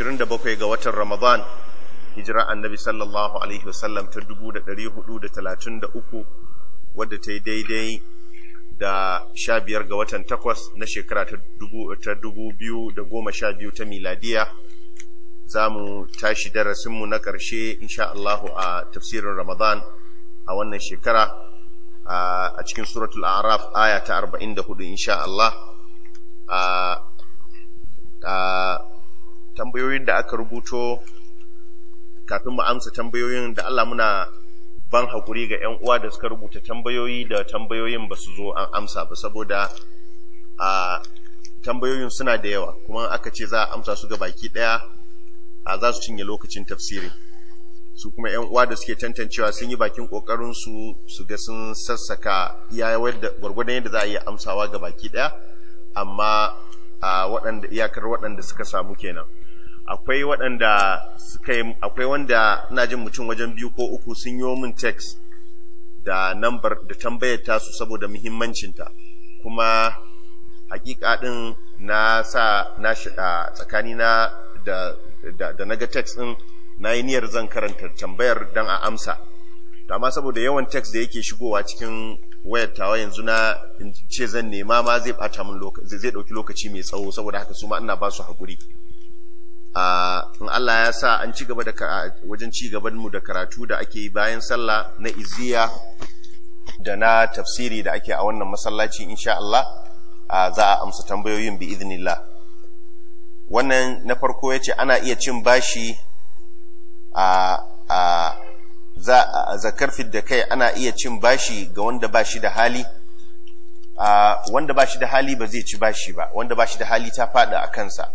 27 ga watan Ramadan hijira annabi sallallahu alaihi wasallam ta 1433 wadda ta yi daidai da 15 ga watan 8 na shekara ta 2012 ta miladiya za mu tashi darasinmu na ƙarshe insha Allahu a tafsirin Ramadan a wannan shekara a cikin suratul araf aya ta 44 insha Allah a tambayoyin da aka rubuto kafin mu amsa tambayoyin da Allah muna ban hakuri ga 'yan uwa da suka rubuta tambayoyi da tambayoyin ba su zo an amsa ba saboda a tambayoyin suna da yawa kuma aka ce za a amsa su ga baki ɗaya a za su cinye lokacin tafsiri su kuma yan uwa da suke tantancewa sun yi bakin kokarin su su ga sun sassaka gwargwadon yadda za a iya amsawa ga baki ɗaya, amma a waɗanda iyakar waɗanda suka samu kenan akwai waɗanda suka yi akwai wanda ina jin mutum wajen biyu ko uku sun yi min text da number da tambayar tasu saboda muhimmancinta kuma hakika din na sa na tsakani na da da naga text din na yi niyyar zan karanta tambayar dan a amsa to amma saboda yawan text da yake shigowa cikin wayar tawa yanzu na ce zan nema ma zai bata min lokaci zai dauki lokaci mai tsawo saboda haka su ma ina ba su hakuri in Allah ya sa an ci gaba da wajen ci gaban mu da karatu da ake yi bayan sallah na iziya da na tafsiri da ake a wannan masallaci insha Allah za a amsa tambayoyin bi idnillah wannan na farko yace ana iya cin bashi a zakar da kai ana iya cin bashi ga wanda ba da hali wanda ba da hali ba zai ci bashi ba wanda bashi da hali ta fada a kansa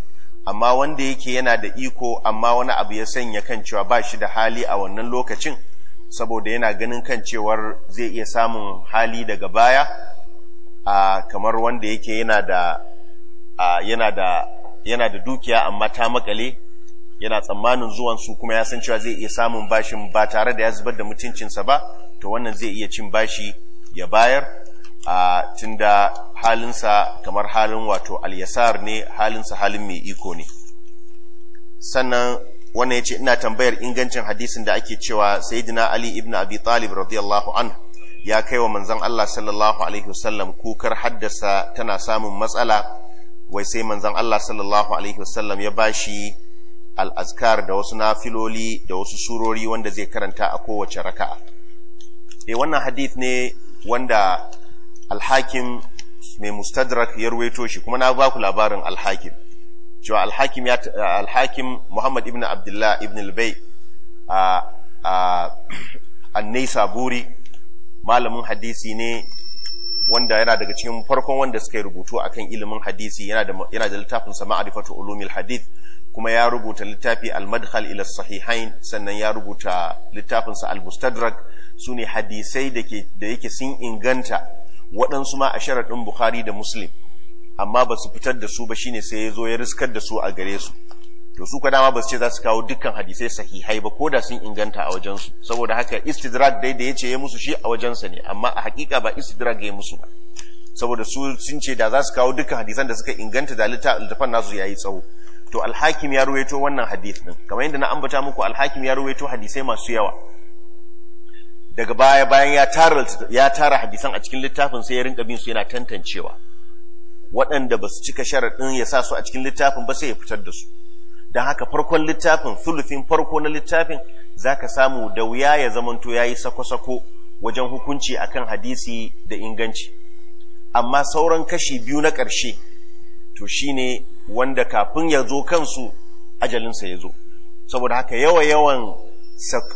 amma wanda yake yana da iko amma wani abu ya sanya kan cewa ba shi da hali a wannan lokacin saboda yana ganin kan cewar zai iya samun hali daga baya a kamar wanda yake yana da dukiya amma ta makale yana tsammanin zuwan su kuma ya san cewa zai iya samun bashin ba tare da ya zubar da mutuncinsa ba to wannan zai iya cin bashi ya bayar a tunda halinsa kamar halin wato al-yasar ne halinsa halin mai iko ne sannan ya ce ina tambayar ingancin hadisin da ake cewa sayyidina ali ibn abi talib radiyallahu anhu ya kai wa manzon Allah sallallahu alaihi wasallam kukar haddasa tana samun matsala wai sai manzon Allah sallallahu alaihi wasallam ya bashi al'azkar da wasu nafiloli da wasu surori wanda zai karanta a kowace raka'a. E wannan hadith ne wanda alhakim mai mustadrak ya ruwaito shi kuma na baku labarin alhakim cewa alhakim ya alhakim Muhammad ibn Abdullah ibn al a a buri malamin hadisi ne wanda yana daga cikin farkon wanda suka rubutu akan ilimin hadisi yana da yana da littafin sa ulumil hadith kuma ya rubuta littafi al-madkhal ila sahihain sannan ya rubuta littafinsa al-mustadrak sune hadisai da yake sun inganta waɗansu ma a sharaɗin bukhari da muslim amma ba su fitar da su ba shine sai ya zo ya riskar da su a gare su to su kwa dama ba su ce za su kawo dukkan hadisai sahihai ba ko da sun inganta a wajensu saboda haka istidrak dai da ya ce ya musu shi a wajensa ne amma a hakika ba istidrak ya musu ba saboda su sun ce da za su kawo dukkan hadisan da suka inganta da littafan nasu ya yi tsawo to alhakim ya ruwaito wannan hadis ɗin, kamar yadda na ambata muku alhakim ya ruwaito hadisai masu yawa daga baya bayan ya tara ya tara hadisan a cikin littafin sai ya rinka bin su yana tantancewa waɗanda ba su cika sharaɗin ya sa su a cikin littafin ba sai ya fitar da su don haka farkon littafin sulufin farko na littafin za ka samu da wuya ya zamanto yi sako-sako wajen hukunci akan hadisi da inganci amma sauran kashi biyu na ƙarshe to shine wanda kafin ya zo kansu ajalinsa ya zo saboda haka yawa-yawan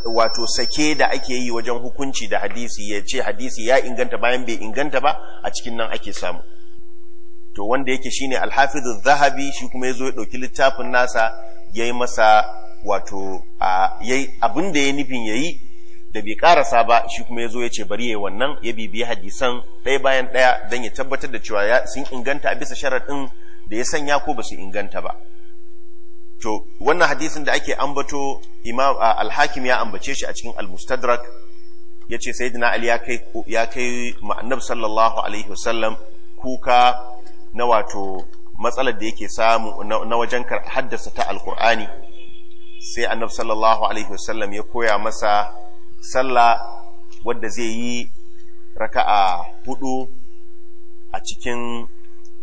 wato sake da ake yi wajen hukunci da hadisi ya ce hadisi ya inganta bayan bai inganta ba a cikin nan ake samu to wanda yake shine alhafizu zahabi shi kuma ya zo ya ɗauki littafin nasa ya yi masa wato abin da ya nufin ya yi da bai karasa ba shi kuma ya zo ya ce bari ya yi wannan ya bibiyi hadisan ɗaya bayan ɗaya don ya tabbatar da cewa sun inganta a bisa sharaɗin da ya sanya ko ba su inganta ba to wannan hadisin da ake ambato imam al-hakim ya ambace shi a cikin al-mustadrak yace sayyidina ali ya kai ya kai annab sallallahu alaihi wasallam kuka na wato matsalar da yake samu na wajen haddasa ta alkur'ani sai annab sallallahu alaihi wasallam ya koya masa sallah wadda zai yi raka'a hudu a cikin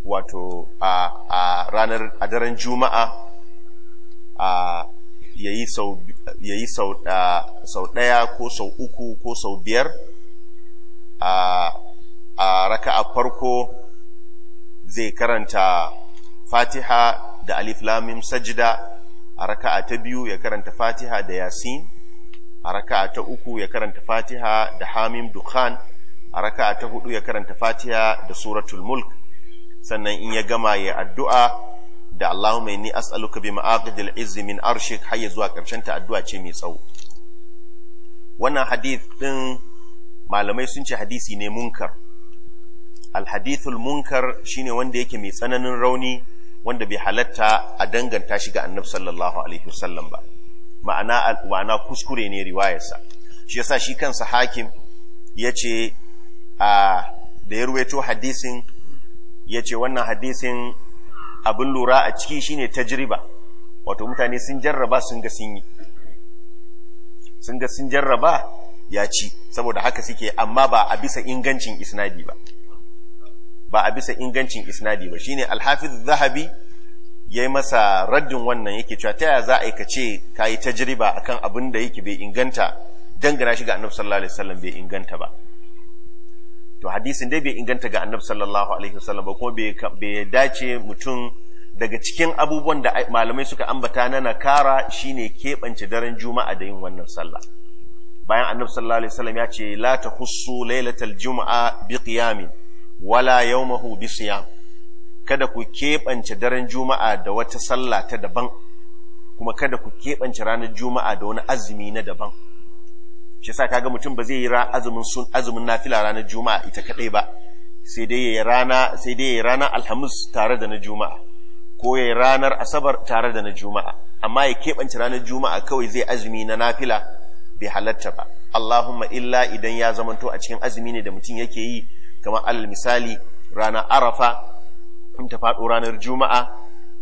wato a ranar a daren juma'a ya yayi sau ɗaya ko sau uku ko sau biyar a raka a farko zai karanta Fatiha da Alif Sajida. A Sajda a raka'a ta biyu ya karanta Fatiha da Yasin a a ta uku ya karanta Fatiha da Hamim Dukhan a raka'a ta hudu ya karanta Fatiha da Suratul Mulk sannan in ya gama ya addu'a da Allahumma inni as'aluka bi ma'aqidil izzi min arshik har ya zuwa ƙarshen ta addu'a ce mai tsawo wannan hadith din malamai sun ce hadisi ne munkar al hadithul munkar shine wanda yake mai tsananin rauni wanda bai halatta a danganta shi ga annabi sallallahu alaihi wasallam ba ma'ana ma'ana kuskure ne riwayarsa shi yasa shi kansa hakim Ya ce, a da ya ruwaito hadisin yace wannan hadisin abin lura a ciki shine tajriba wato mutane sun jarraba sun ga sun yi sun ga sun jarraba ya ci saboda haka suke amma ba a bisa ingancin isnadi ba ba a bisa ingancin isnadi ba shine alhafiz zahabi ya yi masa raddin wannan yake cewa ta yaya za a yi ka ce ka yi tajriba akan abin da yake bai inganta dangana shi ga annabi sallallahu alaihi wasallam bai inganta ba to hadisin dai bai inganta ga annabi sallallahu alaihi wasallam ba kuma bai dace mutum daga cikin abubuwan da malamai suka ambata na nakara shine keɓance daren juma'a da yin wannan sallah bayan annabi sallallahu alaihi wasallam ya ce la tahussu lailatal juma'a bi qiyamin wala yawmahu bi siyam kada ku keɓance daren juma'a da wata sallah ta daban kuma kada ku keɓance ranar juma'a da wani azumi na daban shi sa kaga mutum ba zai yi azumin sun azumin nafila ranar juma'a ita kadai ba sai dai ya rana sai dai ya ranar alhamis tare da na juma'a ko ya ranar asabar tare da na juma'a amma ya keɓance ranar juma'a kawai zai azumi na nafila bai halatta ba Allahumma illa idan ya zamanto a cikin azumi ne da mutum yake yi kamar alal misali ranar arafa in ta faɗo ranar juma'a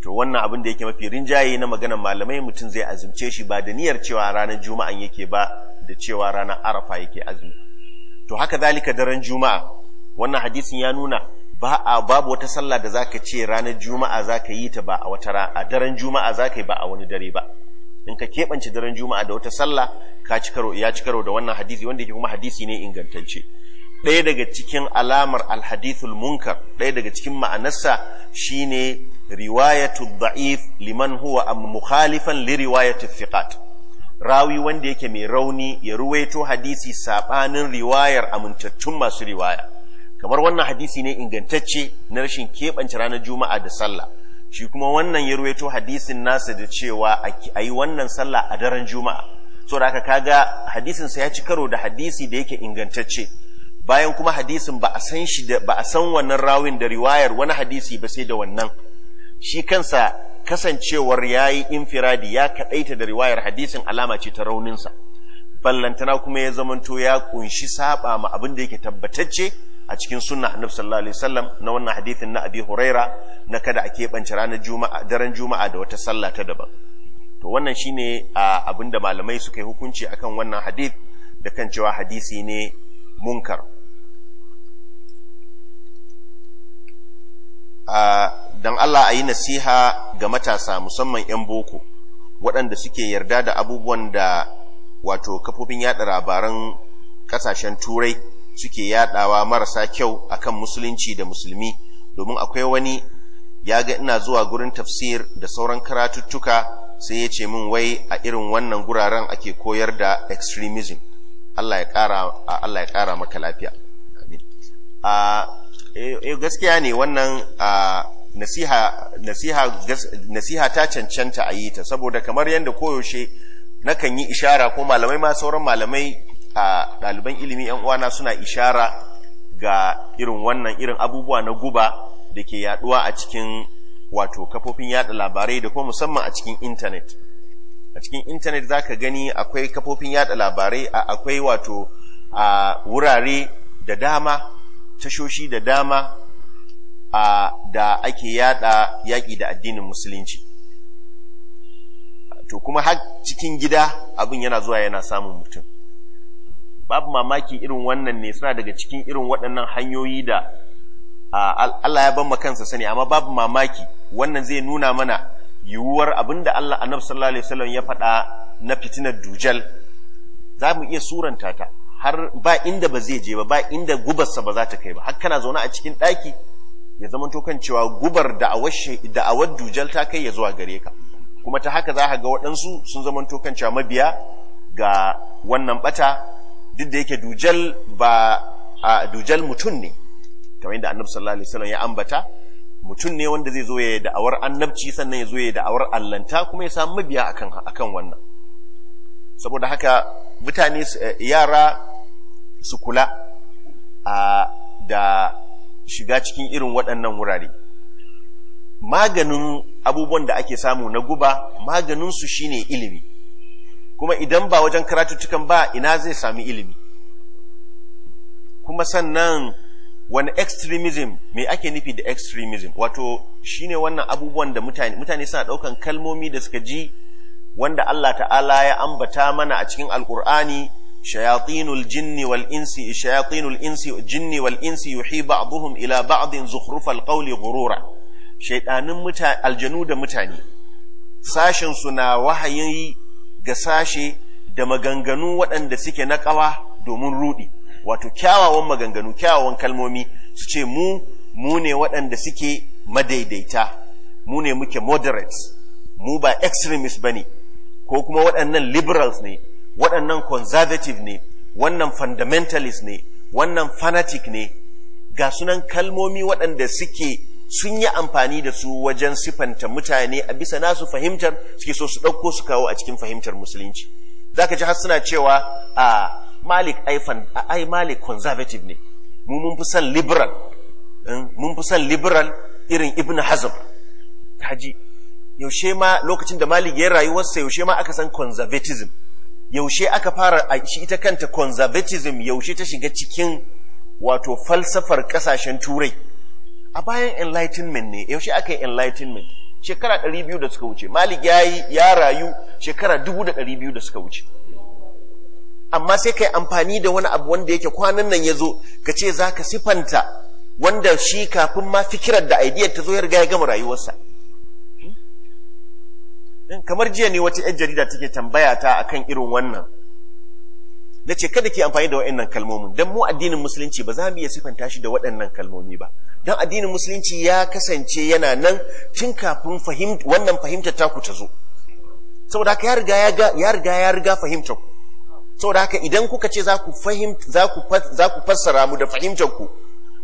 to wannan abin da yake mafi rinjaye na maganar malamai mutum zai azumce shi ba da niyyar cewa ranar juma'a yake ba da cewa ranar arafa yake azumi to haka zalika daren juma'a wannan hadisin ya nuna ba a babu wata sallah da zaka ce ranar juma'a zaka yi ta ba a wata a daren juma'a zaka yi ba a wani dare ba in ka keɓance daren juma'a da wata sallah ka ci karo ya ci karo da wannan hadisi wanda yake kuma hadisi ne ingantacce ɗaya daga cikin alamar alhadithul munkar ɗaya daga cikin ma'anarsa shine riwayatul da'if liman huwa am mukhalifan li riwayatul thiqat rawi wanda yake mai rauni ya ruwaito hadisi sabanin riwayar amintattun masu riwaya kamar wannan hadisi ne ingantacce na rashin keɓance ranar juma'a da sallah shi kuma wannan ya ruwaito hadisin nasa da cewa a yi wannan sallah a daren juma'a so da aka kaga hadisinsa ya ci karo da hadisi da yake ingantacce bayan kuma hadisin ba a san shi da ba a san wannan rawin da riwayar wani hadisi ba sai da wannan shi kansa kasancewar ya yi infiradi ya kaɗaita da riwayar hadisin alama ce ta rauninsa ballantana kuma ya zamanto ya kunshi saba ma abin da yake tabbatacce a cikin sunna annabi sallallahu alaihi wasallam na wannan hadisin na abi huraira na kada a keɓance ranar juma'a daren juma'a da wata sallah ta daban to wannan shine abin da malamai suka yi hukunci akan wannan hadis. da kan cewa hadisi ne munkar dan Allah a yi nasiha ga matasa musamman 'yan boko waɗanda suke yarda da abubuwan da wato kafofin yaɗa labaran ƙasashen turai suke yaɗawa marasa kyau akan musulunci da musulmi domin akwai wani ya ga ina zuwa gurin tafsir da sauran karatuttuka sai ya ce min wai a irin wannan guraren ake koyar da extremism Allah ya ƙara maka lafiya ah, eh, eh, gaskiya ne wannan ah, nasiha nasiha nasiha ta cancanta a yi ta saboda kamar yadda koyaushe kan yi ishara ko malamai ma sauran malamai a ɗaliban ilimi yan uwana suna ishara ga irin wannan irin abubuwa na guba da ke yaduwa a cikin wato kafofin yada labarai da kuma musamman a cikin intanet a cikin intanet zaka gani akwai kafofin yada labarai akwai wato a wurare da dama tashoshi da dama da ake yada yaki da addinin musulunci to kuma har cikin gida abin yana zuwa yana samun mutum babu mamaki irin wannan ne suna daga cikin irin waɗannan hanyoyi da Allah ya ban kansa sani amma babu mamaki wannan zai nuna mana yiwuwar abin da Allah a sallallahu alaihi wasallam ya faɗa na fitinar dujal za mu iya suranta ta har ba inda ba zai je ba ba inda gubarsa ba za ta kai ba har kana zaune a cikin ɗaki ya zama to kan cewa gubar da'awar dujal ta kai ya zuwa gare ka kuma ta haka za a ga waɗansu sun zama to kan cewa mabiya ga wannan bata duk da yake dujal ba a dujal mutum ne kamar yadda annabi sallallahu alaihi wasallam ya ambata mutum ne wanda zai zo ya yi da'awar annabci sannan ya zo ya yi da'awar allanta kuma ya samu mabiya akan akan wannan saboda haka mutane eh, yara su kula da shiga cikin irin waɗannan wurare maganin abubuwan da ake samu na guba maganinsu shine ilimi kuma idan ba wajen karatuttukan ba ina zai sami ilimi kuma sannan wani extremism me ake nufi da extremism wato shine wannan abubuwan da mutane mutane suna ɗaukan kalmomi da suka ji wanda Allah ta'ala ya ambata mana a cikin alkur'ani shayatinul jinni wal insi shayatinul insi jinni wal insi yuhi ila ba'din zukhrufal qawli ghurura shaydanin mutane aljanu da mutane sashen su na wahayi ga sashe da maganganu waɗanda suke na ƙawa domin rudi wato kyawawan maganganu kyawawan kalmomi su ce mu mu ne waɗanda suke madaidaita mu ne muke moderates mu ba extremist bane ko kuma waɗannan liberals ne waɗannan conservative ne wannan fundamentalist ne wannan fanatic ne ga sunan kalmomi waɗanda suke sun yi amfani da su wajen sifanta mutane a bisa nasu fahimtar suke so su ɗauko su kawo a cikin fahimtar musulunci za ka ji har suna cewa a malik ai malik conservative ne mu mun fi son liberal eh, mun fi son liberal irin ibn hazm yaushe ma lokacin da malik ya rayuwarsa yaushe ma aka san conservatism yaushe aka fara a shi ita kanta conservatism yaushe ta shiga cikin wato falsafar kasashen turai a bayan enlightenment ne yaushe aka yi enlightenment shekara 200 da suka wuce malik ya yi ya rayu shekara 200 da suka wuce amma sai ka yi amfani da wani abu wanda yake kwanan nan ya zo ka ce za ka sifanta wanda shi kafin ma fikirar da aidiyar ta zo ya riga ya gama rayuwarsa Ɗin kamar jiya ne wata yar jarida take tambaya ta akan irin wannan ce kada ke amfani da waɗannan kalmomin Don mu addinin musulunci ba za mu iya sifanta shi da waɗannan kalmomi ba Don addinin musulunci ya kasance yana nan tun kafin wannan fahimta ta ku ta zo saboda haka ya riga ya riga fahimta ku saboda haka idan kuka ce za ku fassara mu da fahimtar ku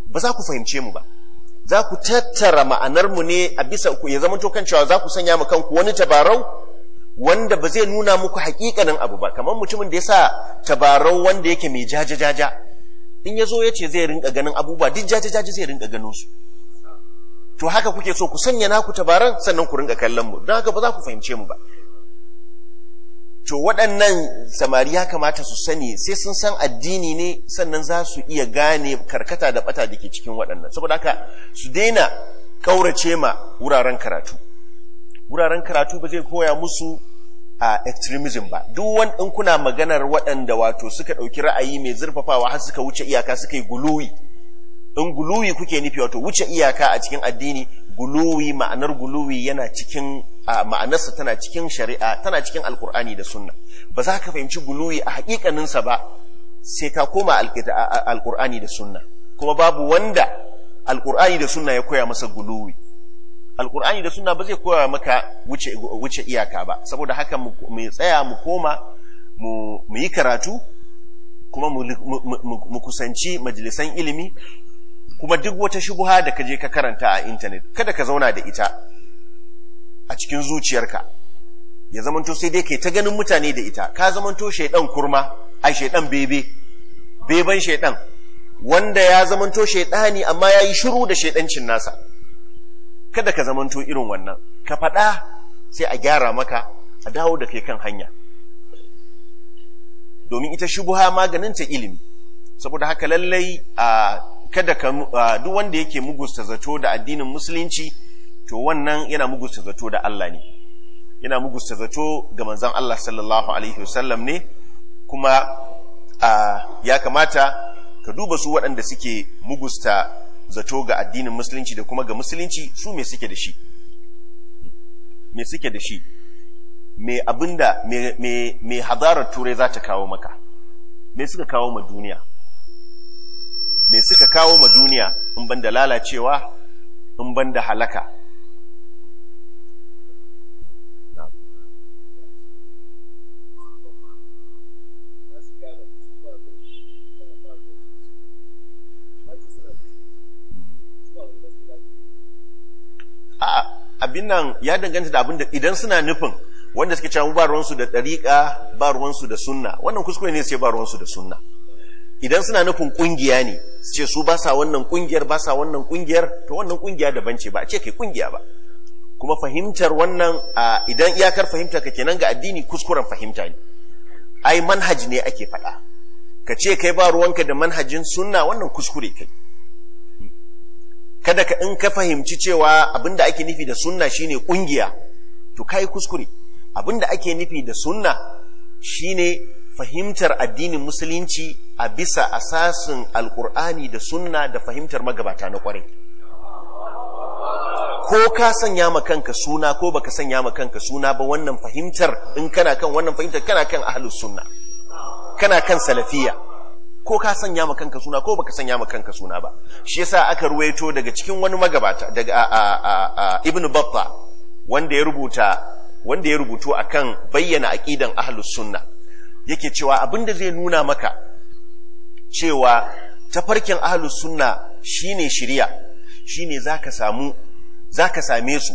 ba za ku fahimce mu ba za ku tattara ma'anarmu ne a bisa ku ya zamanto kan cewa za ku sanya mu kanku wani tabarau wanda ba zai nuna muku hakikanin abu ba kamar mutumin da ya sa tabarau wanda yake mai jaja-jaja in ya zo ya ce zai rinka ganin abubuwa duk jaja-jaja zai rinka ganin su to haka kuke so ku sanya naku tabaran sannan ku rinka kallon mu don haka ba za ku fahimce mu ba to waɗannan samari ya kamata su sani sai sun san addini ne sannan za su iya gane karkata da bata da ke cikin waɗannan saboda haka su daina ƙaurace ma wuraren karatu wuraren karatu ba zai koya musu a extremism ba duk wani kuna maganar waɗanda wato suka ɗauki ra'ayi mai zurfafawa har suka wuce iyaka suka yi guluwi in guluwi kuke nufi wato wuce iyaka a cikin addini guluwi ma'anar guluwi yana cikin ma'anarsa tana cikin shari'a tana cikin alkur'ani da sunna ba za ka fahimci guluwi a hakikaninsa ba sai ka koma alkur'ani da sunna kuma babu wanda alkur'ani da sunna ya koya masa guluwi alkur'ani da sunna ba zai koya maka wuce, iyaka ba saboda haka mu tsaya mu koma mu yi karatu kuma mu kusanci majalisan ilimi kuma duk wata shubuha da ka je ka karanta a intanet kada ka zauna da ita a cikin zuciyarka ya zamanto sai dai kai ta ganin mutane da ita ka zamanto shaidan kurma a shaidan bebe beban shaidan wanda ya zamanto shaidani amma ya yi shiru da shaidancin nasa kada ka zamanto irin wannan ka faɗa sai a gyara maka a dawo da kai kan hanya domin ita shubuha maganin ta ilimi saboda haka lallai a kada ka ah, duk wanda yake mugusta zato da addinin musulunci to wannan yana mugusta zato da Allah ne yana mugusta zato ga manzon Allah sallallahu alaihi wasallam ne kuma ah, ya kamata ka duba su waɗanda suke mugusta zato ga addinin musulunci da kuma ga musulunci su me suke da shi me suke da shi me abinda me hadarar turai za ta kawo maka me suka kawo ma duniya me suka kawo ma duniya in ban da lalacewa in ban da halaka abin nan ya danganta da abin da idan suna nufin wanda suke cewa ba da ɗariƙa ba da sunna wannan kuskure ne sai ba ruwansu da sunna idan suna nufin kungiya ne su ce su ba sa wannan kungiyar ba sa wannan kungiyar to wannan kungiya daban ce ba a ce kai kungiya ba kuma fahimtar wannan idan iyakar fahimta ka kenan ga addini kuskuren fahimta ne ai manhaj ne ake faɗa ka ce kai ba ruwanka da manhajin sunna wannan kuskure kai kada ka in ka fahimci cewa abinda ake nufi da sunna shine kungiya to kai kuskure abinda ake nufi da sunna shine fahimtar addinin musulunci a bisa asasin alkur'ani da sunna da fahimtar magabata na kwarai ko ka sanya ma kanka suna ko baka sanya ma kanka suna ba wannan fahimtar in kana kan wannan fahimtar kana kan ahlus sunna kana kan salafiya ko ka sanya ma kanka suna ko baka sanya ma kanka suna ba shi yasa aka ruwaito daga cikin wani magabata daga ibnu batta wanda ya rubuta wanda ya rubuto akan bayyana aqidan ahlus sunna yake cewa abin da zai nuna maka cewa tafarkin ahlus sunna shine shiriya shine zaka samu zaka same su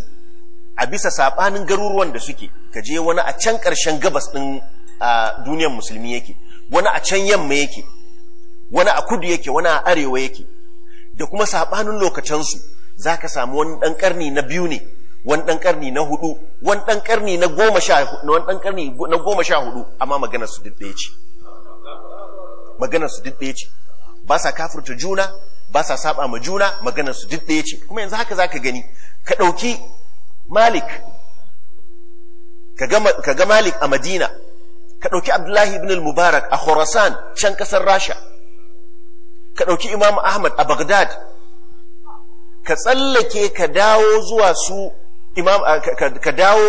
a bisa saɓanin garuruwan da suke ka je wani a can ƙarshen gabas din duniyar musulmi yake wani a can yamma yake wani a kudu yake wani a arewa yake da kuma saɓanin lokacinsu zaka samu wani ɗan ƙarni na biyu ne wani ɗan ƙarni na hudu wani ɗan ƙarni na goma sha wani ɗan ƙarni na goma sha hudu amma maganar su duk ce maganar su duk ce ba sa kafirta juna ba sa saba ma juna maganar su duk ce kuma yanzu haka zaka gani ka ɗauki malik ka ga malik a madina ka ɗauki abdullahi ibn al-mubarak a khorasan can kasar rasha ka ɗauki imam ahmad a baghdad ka tsallake ka dawo zuwa su imam ka dawo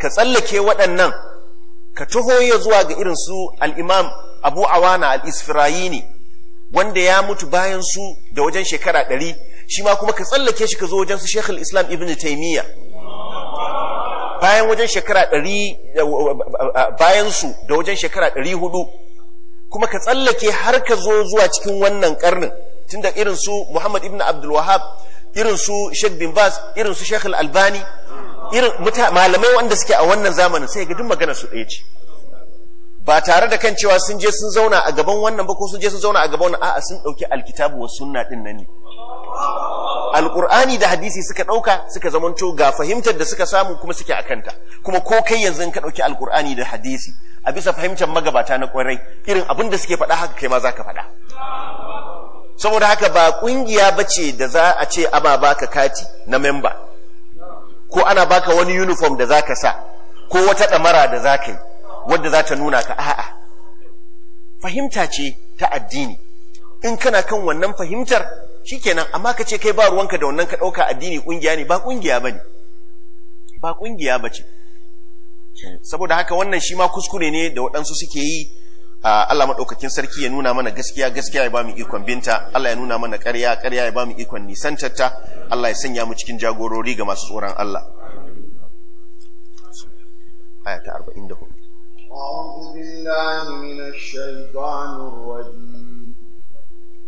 ka tsallake waɗannan ka taho ya zuwa ga irin su al’imam Abu Awana al wanda ya mutu bayan su da wajen shekara ɗari shi ma kuma ka tsallake shi ka zo wajen su shekul islam Ibn taimiyya bayan wajen shekara ɗari bayan su da wajen shekara ɗari hudu kuma ka tsallake har ka zo zuwa cikin wannan karnin tunda irin su Muhammad ibn Abdul Wahab irin su Sheikh bin Baz irin su Sheikh Al-Albani irin malamai wanda suke a wannan zamanin sai ga duk magana su ɗaya ce ba tare da kan cewa sun je sun zauna a gaban wannan ba ko sun je sun zauna a gaban wannan a'a sun ɗauki alkitabu wa sunna din nan ne alqur'ani da hadisi suka ɗauka suka zamanto ga fahimtar da suka samu kuma suke akanta kuma ko kai yanzu ka ɗauki alqur'ani da hadisi a bisa fahimtar magabata na kwarai irin abin da suke faɗa haka kai ma zaka faɗa saboda haka ba kungiya bace da za a ce aba baka kati na memba ko ana baka wani uniform da zaka sa ko wata damara da zaka yi wadda za ta nuna ka a'a fahimta ce ta addini in kana kan wannan fahimtar shikenan amma ka ce kai ba ruwanka da wannan ka ɗauka addini kungiya ne ba kungiya bane ba kungiya bace saboda haka wannan shi ma kuskure ne da waɗansu suke yi Ah, Allah maɗaukakin sarki ya nuna mana gaskiya gaskiya ya bamu ikon binta Allah ya nuna mana ƙarya ƙarya ya bamu ikon nisantarta Allah ya sanya mu cikin jagorori ga masu tsoron Allah aya ta 44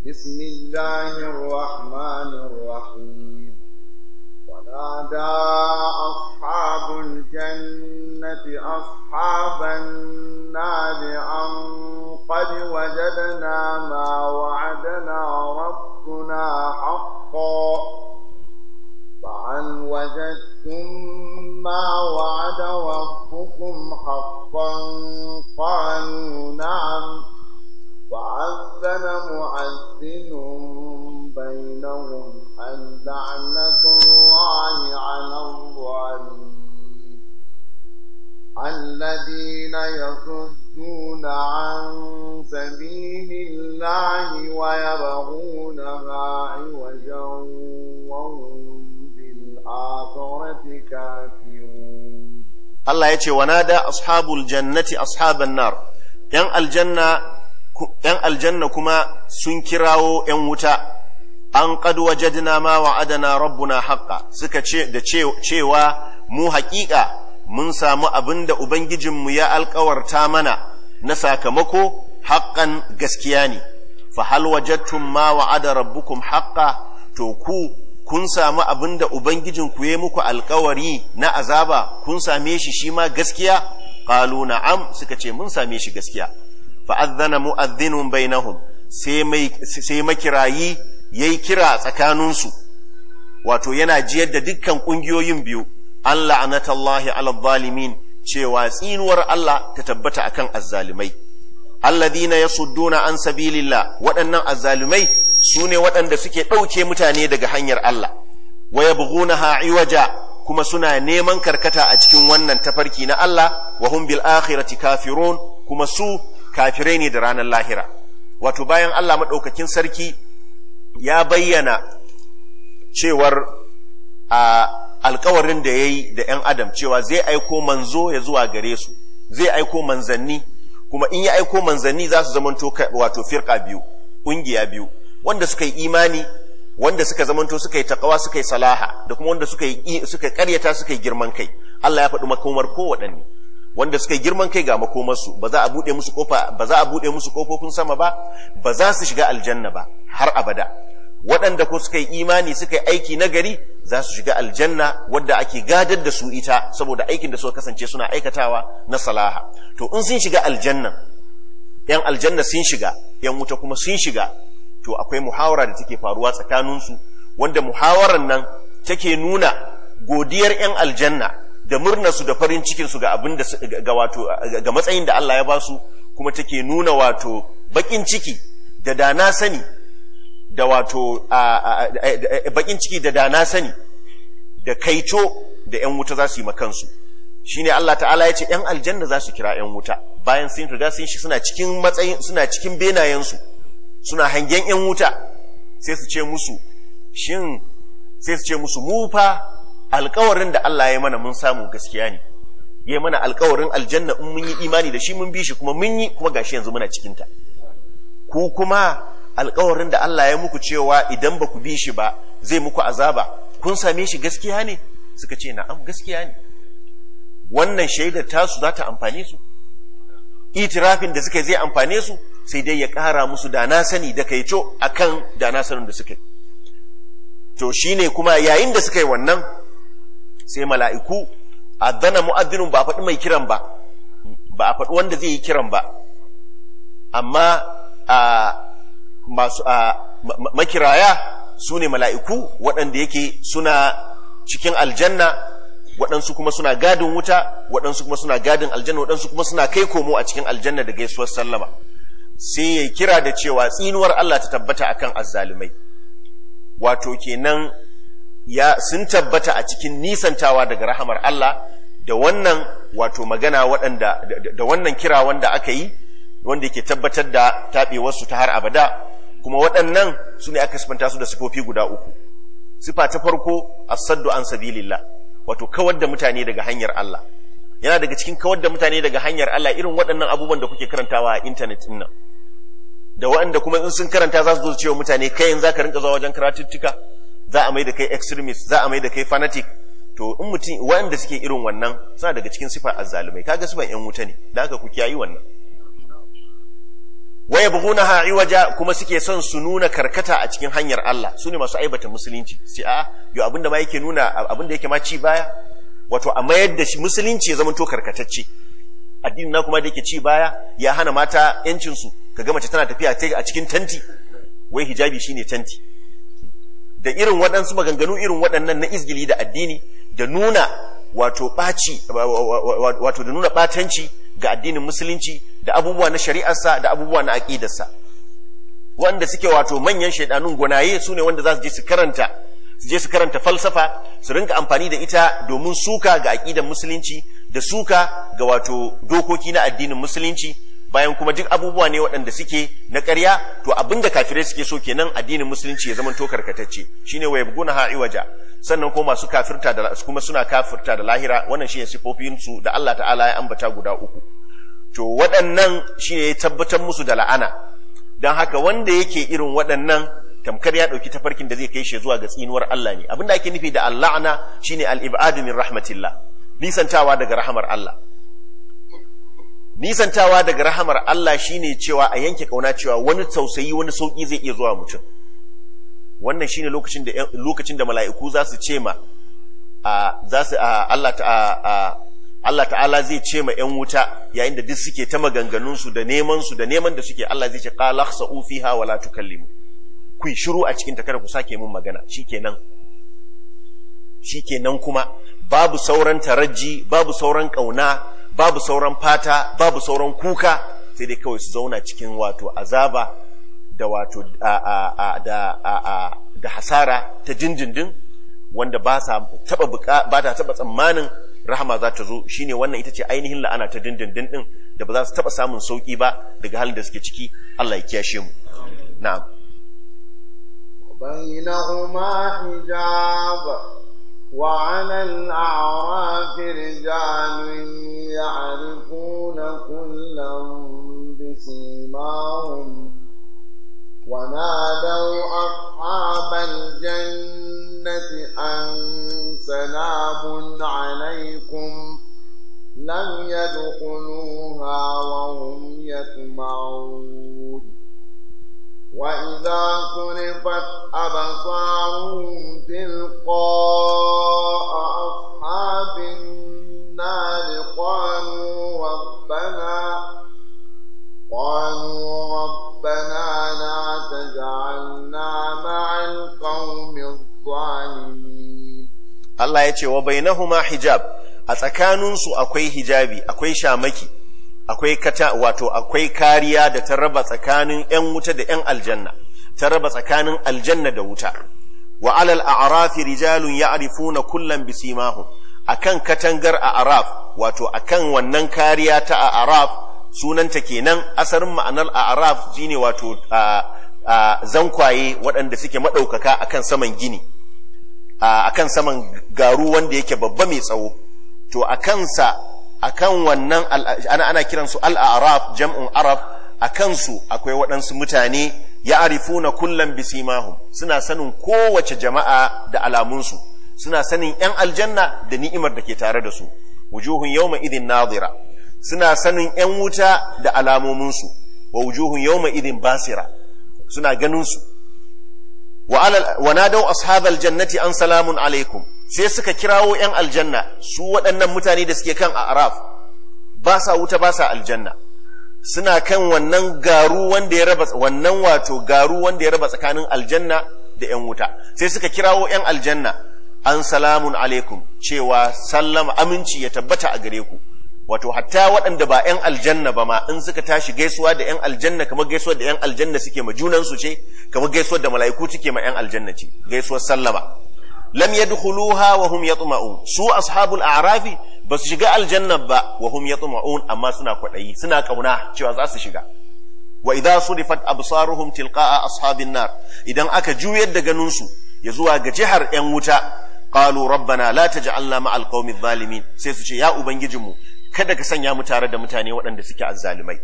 بسم الله الرحمن الرحيم ونادى أصحاب الجنة أصحاب النار أن قد وجدنا ما وعدنا ربنا حقا فهل وجدتم ما وعد ربكم حقا قالوا نعم وعذن مؤذن بينهم أن لعنة الله على الظالمين الذين يصدون عن سبيل الله ويبغونها عوجا وهم بالآخرة كافرون الله يتي ونادى أصحاب الجنة أصحاب النار ين الجنة ‘yan aljanna kuma sun kirawo ‘yan wuta an qad wajadna ma wa'adana rabbuna haƙa, suka ce da cewa mu haƙiƙa mun samu abinda ubangijinmu ya alkawarta mana na sakamako haƙan gaskiya ne fa hal wajadtum ma wa'ada rabbukum haƙa to ku kun samu abinda ubangijinku ya muku alkawari na azaba kun same shi shi ma gaskiya qalu na'am suka ce mun same shi gaskiya fa azzana mu'adhdhinun bainahum sai mai sai makirayi yayi kira tsakaninsu wato yana jiyar da dukkan ƙungiyoyin biyu an la'anatallahi ala zalimin cewa tsinuwar Allah ta tabbata akan azzalumai alladhina yasudduna an sabilillah waɗannan azzalumai su ne waɗanda suke ɗauke mutane daga hanyar Allah wa yabghunaha iwaja kuma suna neman karkata a cikin wannan tafarki na Allah wa hum bil akhirati kafirun kuma su kafirai ne da ranar lahira wato bayan Allah madaukakin sarki ya bayyana cewar a alkawarin da ya yi da 'yan adam cewa zai aiko manzo ya zuwa gare su zai aiko manzanni kuma in ya aiko manzanni za su zamanto wato firka biyu ƙungiya biyu wanda suka yi imani wanda suka zamanto suka yi takawa suka yi salaha da kuma wanda suka yi karyata suka yi girman kai Allah ya faɗi makomar kowaɗanne wanda suka yi girman kai ga makomarsu ba za a bude musu kofa ba za a bude musu kofofin sama ba ba za su shiga aljanna ba har abada waɗanda ko suka yi imani suka yi aiki na gari za su shiga aljanna wadda ake gadar da su ita saboda aikin da suka kasance suna aikatawa na salaha to in sun shiga aljanna yan aljanna sun shiga yan wuta kuma sun shiga to akwai muhawara da take faruwa tsakaninsu wanda muhawarar nan take nuna godiyar yan aljanna da su da farin cikin su ga abin da ga wato ga matsayin da Allah ya ba su kuma take nuna wato bakin ciki da da sani da wato bakin ciki da dana sani da kaico da ‘yan wuta za su yi makansu shi ne Allah ta'ala ya ce ‘yan aljanna za su kira ‘yan wuta bayan sun riga sun shi suna cikin matsayin suna cikin benayensu suna hangen ‘yan wuta sai su ce musu shin sai su ce musu mufa. alkawarin da Allah ya mana mun samu gaskiya ne ya mana alkawarin aljanna in mun yi imani da shi mun bi shi kuma mun yi kuma gashi yanzu muna cikin ta ku kuma alkawarin da Allah ya muku cewa idan ba ku bi shi ba zai muku azaba kun same shi gaskiya ne suka ce na'am gaskiya ne wannan shaidar tasu za ta amfane su itirafin da suka zai amfane su sai dai ya kara musu da na sani da kai co akan da na sanin da suka to to shine kuma yayin da suka yi wannan sai mala'iku a zana mu’addinin ba a faɗi mai kiran ba ba a faɗi wanda zai yi kiran ba amma masu makiraya su ne mala'iku waɗanda yake suna cikin aljanna waɗansu kuma suna gadin wuta waɗansu kuma suna gadin aljanna waɗansu kuma suna kai komo a cikin aljanna da gaisuwar sallama sai ya kira da cewa tsinuwar Allah ta tabbata akan azzalumai wato kenan ya sun tabbata a cikin nisantawa daga rahamar Allah da wannan wato magana waɗanda da wannan kira wanda aka yi wanda yake tabbatar da taɓewarsu ta har abada kuma waɗannan su ne aka sifanta su da sifofi guda uku sifa ta farko asaddu an sabilillah wato kawar da mutane daga hanyar Allah yana daga cikin kawar da mutane daga hanyar Allah irin waɗannan abubuwan da kuke karantawa a intanet ɗin nan da waɗanda kuma in sun karanta za su zo cewa mutane kai in za ka rinka zuwa wajen karatuttuka za a mai da kai extremist za a mai da kai fanatic to in mutum waɗanda suke irin wannan suna daga cikin sifa azzalumai kaga sifan yan wuta ne da haka ku kiyayi wannan na yabghunaha iwaja kuma suke son su nuna karkata a cikin hanyar Allah su ne masu aibata musulunci sai a yo abinda ma yake nuna abinda yake ma ci baya wato a mayar da shi musulunci ya zama to karkatacce addinin na kuma da yake ci baya ya hana mata yancin su kaga mace tana tafiya a cikin tanti wai hijabi shine tanti da irin waɗansu maganganu irin waɗannan na izgili da addini da nuna wato ɓaci wato da nuna ɓatanci ga addinin musulunci da abubuwa na shari'arsa da abubuwa na aƙidarsa wanda suke wato manyan shaidanun gwanaye su ne wanda za su je su karanta su je su karanta falsafa su rinka amfani da ita domin suka ga aƙidar musulunci da suka ga wato dokoki na addinin musulunci bayan kuma duk abubuwa ne waɗanda suke na ƙarya to abin da kafirai suke so kenan addinin musulunci ya zama to karkatacce shine wa yabguna ha iwaja sannan kuma masu kafirta da kuma suna kafirta da lahira wannan shine sifofin su da Allah ta'ala ya ambata guda uku to waɗannan shine ya tabbatar musu da la'ana dan haka wanda yake irin waɗannan tamkar ya ɗauki tafarkin da zai kai shi zuwa ga tsinuwar Allah ne abinda ake nufi da al-la'ana shine al-ib'adu min rahmatillah nisantawa daga rahamar Allah nisantawa daga rahamar Allah shine cewa a yanke kauna cewa wani tausayi wani sauki zai iya zuwa mutum wannan shine lokacin da lokacin da mala'iku za su ce ma Allah ta'ala zai ce ma ‘yan wuta yayin da duk suke ta maganganunsu da neman su da neman da suke Allah zai ce ƙalak hawa latu wala tukallimu ku shiru a cikin kada ku sake mun magana shikenan shikenan kuma babu sauran taraji babu sauran ƙauna. babu sauran fata babu sauran kuka sai dai kawai su zauna cikin wato azaba da wato da hasara ta jinjindin wanda ba ta taba tsammanin rahama za ta zo ne wannan ita ce ainihin la'ana ta dindindin din da ba za su taba samun sauki ba daga halin da suke ciki Allah ya kiyashe mu na'am وعلى الأعراف رجال يعرفون كلا بسيماهم ونادوا أصحاب الجنة أن سلام عليكم لم يدخلوها وهم يطمعون وإذا صرفت أبصارهم تلقاء أصحاب النار قالوا ربنا قالوا ربنا لا تجعلنا مع القوم الظالمين الله يتي وبينهما حجاب أتكانون سو أكوي حجابي أكوي شامكي akwai kata wato akwai kariya da ta raba tsakanin ‘yan wuta da ‘yan aljanna, ta raba tsakanin aljanna da wuta. Wa alal a'raf rijalun ya arifuna kullum bisimahu, akan katangar araf wato akan wannan kariya ta araf sunanta kenan asarin ma'anar araf shine wato zankwaye waɗanda suke maɗaukaka akan saman gini, akan saman garu wanda yake babba mai tsawo. To a kansa akan wannan ana ana kiran su al-a'raf jam'un Araf, akan su akwai waɗansu mutane yarifuna kullam bisimahum suna sanin kowace jama'a da alamunsu suna sanin yan aljanna da ni'imar da ke tare da su wujuhun yawma idhin nadira suna sanin yan wuta da su wa wujuhun yawma idhin basira suna ganin su wa nadau ashabal jannati an salamun alaikum sai suka kirawo 'yan aljanna su waɗannan mutane da suke kan a araf ba sa wuta ba sa aljanna suna kan wannan garu wanda ya raba wannan wato garu wanda ya raba tsakanin aljanna da 'yan wuta sai suka kirawo 'yan aljanna an salamun alaikum cewa sallama aminci ya tabbata a gare ku wato hatta waɗanda ba 'yan aljanna ba ma in suka tashi gaisuwa da 'yan aljanna kamar gaisuwa da 'yan aljanna suke ma junansu ce kamar gaisuwa da mala'iku suke ma 'yan aljanna ce gaisuwar sallama lam yadkhuluha wahum hum yatma'un su ashabul a'rafi ba su shiga aljanna ba wahum hum yatma'un amma suna kwaɗayi suna ƙauna cewa za su shiga wa idza surifat tilka a ashabin nar idan aka juyar da ganin su ya zuwa ga jihar yan wuta qalu rabbana la taj'alna ma'al qaumi zalimin sai su ce ya ubangijin mu kada ka sanya mu tare da mutane waɗanda suke azzalumai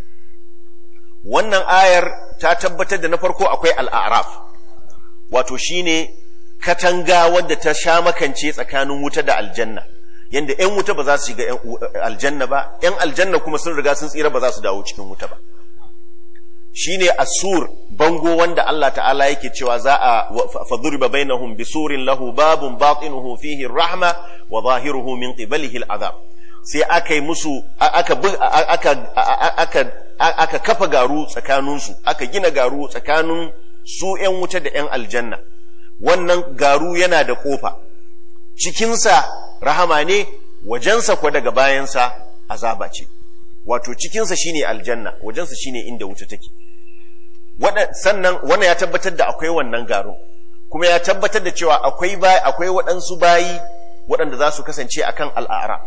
wannan ayar ta tabbatar da na farko akwai al'araf wato shine katanga wadda ta sha makance tsakanin wuta da aljanna yanda ƴan wuta ba za su shiga aljanna ba yan aljanna kuma sun riga sun tsira ba za su dawo cikin wuta ba shine asur bango wanda Allah ta'ala yake cewa za a faduriba bainahum bisurin lahu babun batinuhu fihi rahma wa zahiruhu min qibalihi al'azab sai aka yi musu aka aka kafa garu tsakaninsu aka gina garu tsakanin su 'yan wuta da 'yan aljanna wannan garu yana da ƙofa. cikinsa rahama ne wajensa kwa daga bayansa azaba ce wato cikinsa shine aljanna wajensa shine inda wuta take sannan wannan ya tabbatar da akwai wannan garu kuma ya tabbatar da cewa akwai akwai waɗansu bayi waɗanda za su kasance kan al'ara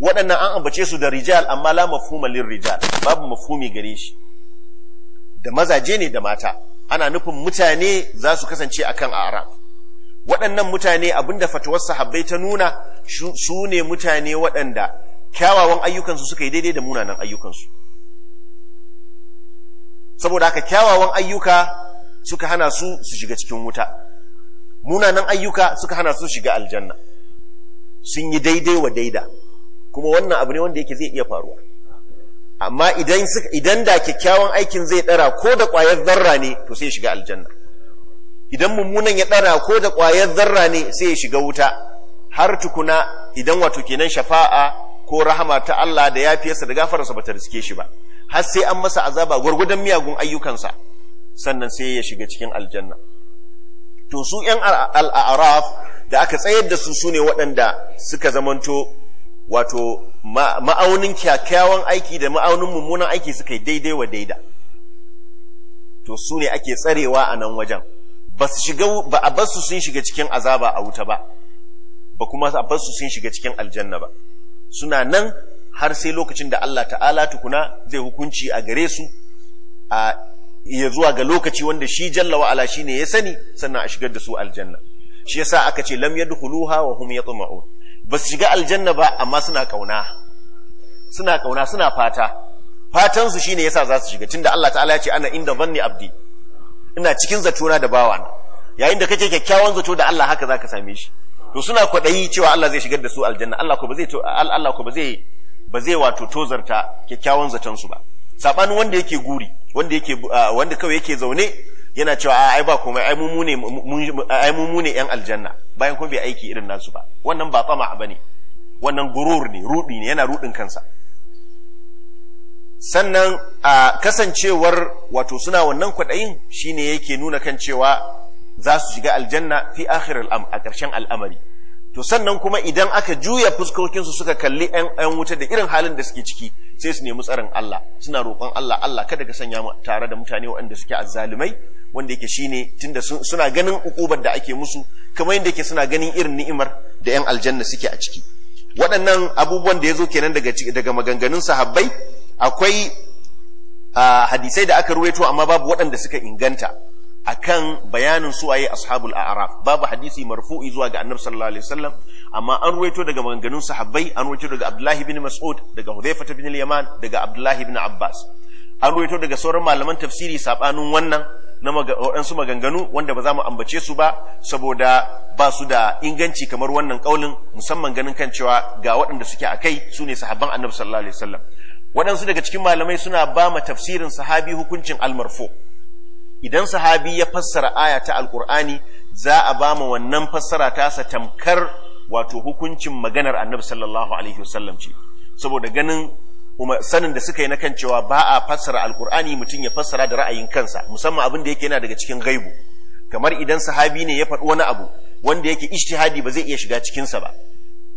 waɗannan an ambace su da rijal amma la mafhuma rijal babu mafhumi gare shi da mazaje ne da mata ana nufin mutane za su kasance a kan Arab. waɗannan mutane abinda fatawar sahabbai ta nuna su ne mutane waɗanda kyawawan ayyukansu suka yi daidai da munanan ayyukansu saboda haka kyawawan ayyuka suka hana su su shiga cikin wuta munanan ayyuka suka hana su shiga aljanna sun yi daidai wa daida kuma wannan abu ne wanda yake zai iya faruwa amma idan idan da kyakkyawan aikin zai dara ko da ƙwayar zarra ne to sai ya shiga aljanna idan mummunan ya dara ko da ƙwayar zarra ne sai ya shiga wuta har tukuna idan wato kenan shafa'a ko rahama ta Allah da yafiyarsa da gafararsa bata riske shi ba har sai an masa azaba gwargwadon miyagun ayyukansa sannan sai ya shiga cikin aljanna to su yan al'araf da aka tsayar da su sune waɗanda suka zamanto wato ma'aunin kyakkyawan aiki da ma'aunin mummunan aiki suka yi daidai wa daida to su ne ake tsarewa a nan wajen ba su shiga ba a basu sun shiga cikin azaba a wuta ba ba kuma a basu sun shiga cikin aljanna ba suna nan har sai lokacin da Allah ta'ala tukuna zai hukunci a gare su a ya zuwa ga lokaci wanda shi jalla wa'ala ne ya sani sannan a shigar da su aljanna shi yasa aka ce lam yadkhuluha wa hum yatma'un ba su shiga aljanna ba amma suna kauna suna kauna suna fata fatan su shine yasa za su shiga tunda Allah ta'ala ya ce ana inda zanni abdi ina cikin zato na da bawana yayin da kake kyakkyawan zato da Allah haka zaka same shi to suna kwadayi cewa Allah zai shigar da su aljanna Allah ko ba zai Allah ko ba zai ba zai wato tozarta kyakkyawan zaton su ba sabanin wanda yake guri wanda yake ah, wanda kawai yake zaune yana cewa ai ba komai ai mu ne ai mu ne yan aljanna bayan kuma bai aiki irin nasu ba wannan ba tsama bane wannan gurur ne rudi ne yana rudin kansa sannan a kasancewar wato suna wannan kwaɗayin shine yake nuna kan cewa za su shiga aljanna fi akhir a ƙarshen al'amari to sannan kuma idan aka juya fuskokinsu suka kalli 'yan wuta da irin halin da suke ciki sai su nemi tsaron Allah suna roƙon Allah Allah kada ka sanya mu tare da mutane waɗanda suke azzalumai wanda yake shine tunda suna ganin ukubar da ake musu kamar yadda yake suna ganin irin ni'imar da yan aljanna suke a ciki waɗannan abubuwan da ya zo kenan daga daga maganganun sahabbai akwai ah, hadisai da aka ruwaito amma babu waɗanda suka inganta akan bayanin suwaye ashabul a'raf babu hadisi marfu'i zuwa ga annabi sallallahu alaihi wasallam amma an ruwaito daga maganganun sahabbai an ruwaito daga abdullahi bin mas'ud daga hudayfa bin al-yaman daga abdullahi bin abbas an ruwaito daga sauran malaman tafsiri sabanin wannan na waɗansu maganganu wanda ba za mu ambace su ba saboda ba su da inganci kamar wannan kaulin musamman ganin kan cewa ga waɗanda suke a kai su ne sahabban annabi sallallahu alaihi wasallam waɗansu daga cikin malamai suna ba ma tafsirin sahabi hukuncin almarfu idan sahabi ya fassara aya ta alkur'ani za a ba mu wannan fassara tasa tamkar wato hukuncin maganar annabi sallallahu alaihi wasallam ce saboda ganin sanin da suka yi na kan cewa ba a fassara alkur'ani mutum ya fassara da ra'ayin kansa musamman abin da yake yana daga cikin gaibu kamar idan sahabi ne ya faɗi wani abu wanda yake ijtihadi ba zai iya shiga cikinsa ba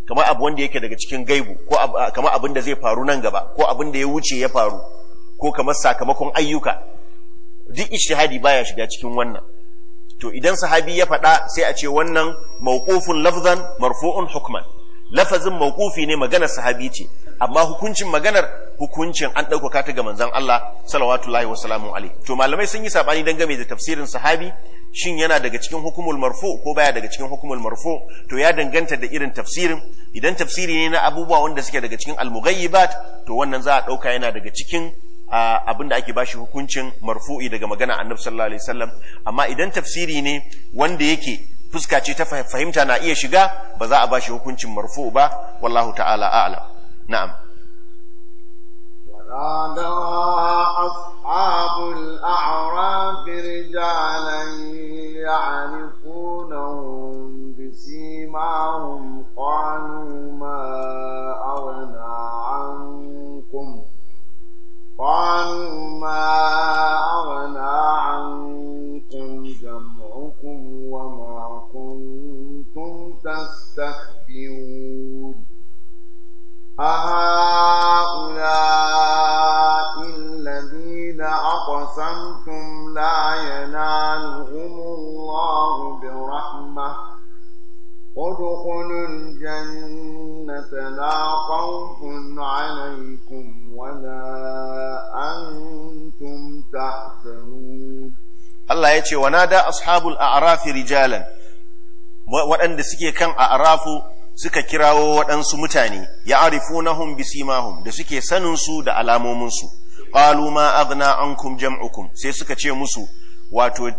kamar abu wanda yake daga cikin gaibu ko kamar abin da zai faru nan gaba ko abin da ya wuce ya faru ko kamar sakamakon ayyuka duk ijtihadi baya shiga cikin wannan to idan sahabi ya faɗa sai a ce wannan mawqufun lafzan marfu'un hukman lafazin mawqufi ne maganar sahabi ce amma hukuncin maganar hukuncin an ka ta ga manzon Allah sallallahu wa salamu alaihi to malamai sun yi sabani game da tafsirin sahabi shin yana daga cikin hukumul marfu ko baya daga cikin hukumul marfu to ya danganta da irin tafsirin idan tafsiri ne na abubuwa wanda suke daga cikin almugayyibat to wannan za a ɗauka yana daga cikin abin da ake bashi hukuncin marfu'i daga magana annabi sallallahu alaihi wasallam amma idan tafsiri ne wanda yake fuska ce ta fahimta na iya shiga ba za a bashi hukuncin marfu ba wallahu ta'ala a'lam na'am يعرفونهم بسيماهم قالوا ما أغنى عنكم جمعكم وما أهؤلاء الذين أقسمتم لا ينالهم Allah ya ce wa na da ashabul a'rafi rijalan waɗanda suke kan a'rafu suka kirawo waɗansu mutane ya arifunahum bisimahum da suke sanin su da alamomin su qalu ma aghna ankum jam'ukum sai suka ce musu wato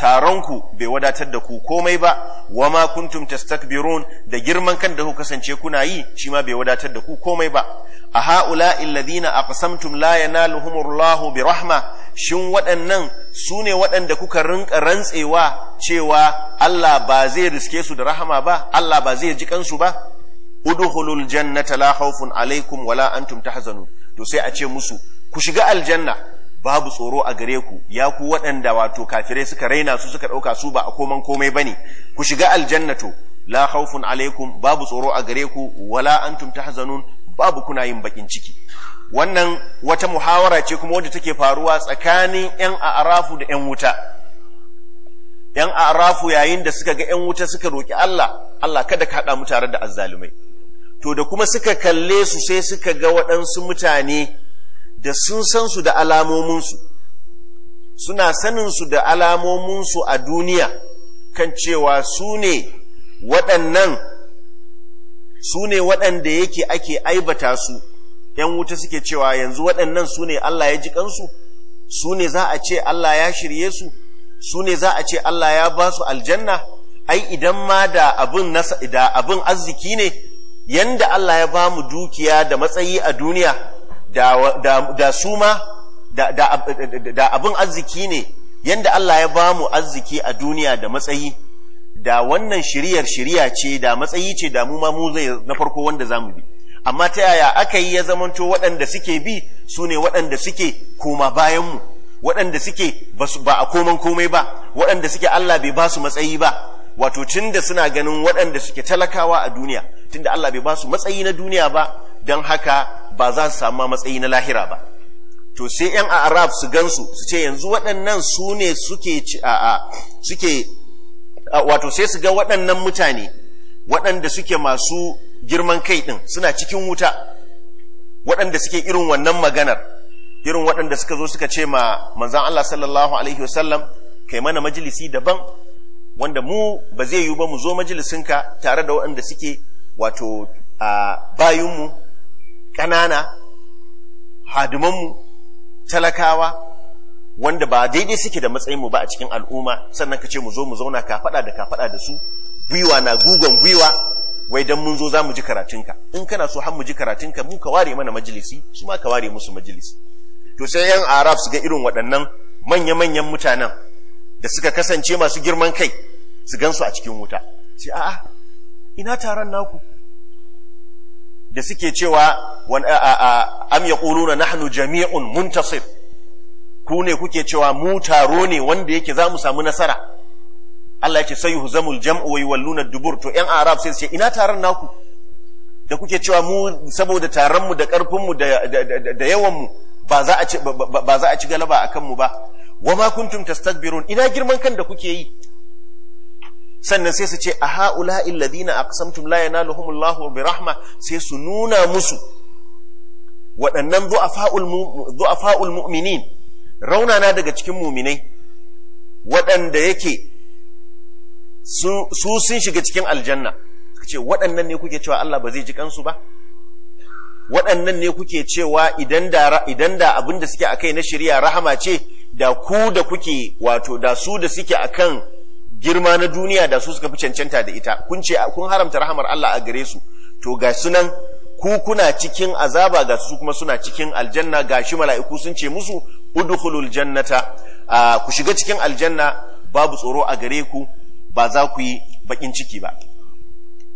taronku bai wadatar da ku komai ba wa ma kuntum tastakbirun da girman kan da ku kasance kuna yi shi ma bai wadatar da ku komai ba a haula alladhina aqsamtum la yanaluhumullahu bi rahma shin waɗannan su ne waɗanda kuka rinka rantsewa cewa Allah ba zai riske su da rahama ba Allah ba zai ji kansu ba udkhulul jannata la khawfun alaikum wala antum tahzanun to sai a ce musu ku shiga aljanna babu tsoro a gare ku ya ku waɗanda wato kafirai suka raina su suka ɗauka su ba a koman komai bane ku shiga aljannatu la khawfun alaikum babu tsoro a gare ku wala antum tahzanun babu kuna yin bakin ciki wannan wata muhawara ce kuma wadda take faruwa tsakanin yan a'rafu da yan wuta yan a'rafu yayin da suka ga yan wuta suka roki Allah Allah kada ka haɗa mu tare da azzalumai to da kuma suka kalle su sai suka ga waɗansu mutane da sun san su da alamominsu suna sanin su da alamominsu a duniya kan cewa su ne waɗannan su ne waɗanda yake ake aibata su ‘yan wuta suke cewa yanzu waɗannan su ne Allah ya ji kansu su ne za a ce Allah ya shirye su su ne za a ce Allah ya ba su aljanna ai idan ma da abin da abin arziki ne yanda Allah ya ba mu dukiya da matsayi a duniya da su ma da abin arziki ne yadda Allah ya ba mu arziki a duniya da matsayi da wannan shiriyar shiriya ce da matsayi ce da mu ma mu zai na farko wanda za mu bi amma ta yaya aka yi ya zamanto waɗanda suke bi su ne waɗanda suke koma bayan mu, waɗanda suke ba a koman komai ba waɗanda suke Allah bai ba su matsayi ba wato tunda suna ganin waɗanda suke talakawa a duniya tunda Allah bai ba su matsayi na duniya ba don haka ba za su samu matsayi na lahira ba to sai yan arab su gansu su ce yanzu waɗannan su ne suke wato sai su ga waɗannan mutane waɗanda suke masu girman kai ɗin suna cikin wuta waɗanda suke irin wannan maganar irin waɗanda suka zo suka ce ma manzan Allah sallallahu alaihi wasallam kai mana majalisi daban wanda mu ba zai yiwu ba mu zo majalisinka tare da waɗanda suke wato a ƙanana hadimanmu talakawa wanda ba daidai suke da matsayinmu ba a cikin al'umma sannan ka ce mu zo mu zauna ka faɗa da ka faɗa da su gwiwa na gugon gwiwa wai dan mun zo za mu ji karatunka in kana so har mu ji karatunka mu ka ware mana majalisi su ma ka ware musu majalisi to sai yan arab su ga irin waɗannan manya-manyan mutanen da suka kasance masu girman kai su gansu a cikin wuta sai a'a ina taron naku da suke cewa am na nahnu jami'un muntasir ku ne kuke cewa mu taro ne wanda yake za mu samu nasara Allah yake sai yuhzamul jam'u wa yawalluna dubur to yan arab sai su ina taron naku da kuke cewa mu saboda taron mu da karfin mu da yawan mu ba za a ci ba za a ci galaba akan mu ba wama kuntum tastakbirun ina girman kan da kuke yi sannan sai su ce a ha'ula illadina aqsamtum la yanaluhumullahu bi rahma sai su nuna musu waɗannan du'afa'ul mu'minin raunana daga cikin muminai waɗanda yake su sun shiga cikin aljanna suka ce waɗannan ne kuke cewa Allah ba zai ji kansu ba waɗannan ne kuke cewa idan da idan da abin da suke akai na shari'a rahama ce da ku da kuke wato da su da suke akan girma na duniya da su suka fi cancanta da ita kun ce kun haramta rahamar Allah a gare su to ga sunan ku kuna cikin azaba ga su kuma suna cikin aljanna ga shi mala'iku sun ce musu udkhulul jannata ku shiga cikin aljanna babu tsoro a gare ku ba za ku yi bakin ciki ba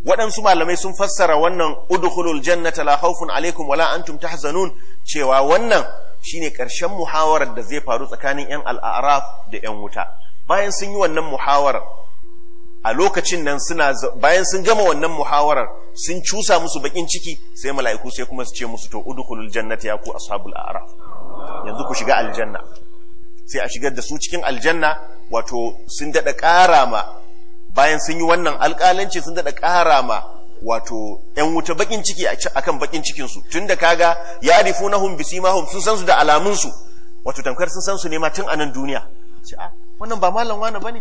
waɗansu malamai sun fassara wannan udkhulul jannata la khawfun alaikum wala antum tahzanun cewa wannan shine ƙarshen muhawarar da zai faru tsakanin yan al'araf da yan wuta bayan sun yi wannan muhawarar a lokacin nan suna bayan sun gama wannan muhawarar sun cusa musu bakin ciki sai mala'iku sai kuma su ce musu to udkhulul jannati ya ku ashabul a'raf yanzu ku shiga aljanna sai a shigar da su cikin aljanna wato sun dada ƙara bayan sun yi wannan alƙalanci sun dada ƙara wato ‘yan wuta bakin ciki akan bakin cikinsu su tunda kaga ya rifu na sun san su da alamunsu wato tamkar sun san su ne ma tun anan duniya ah, wannan ba malam wani ne?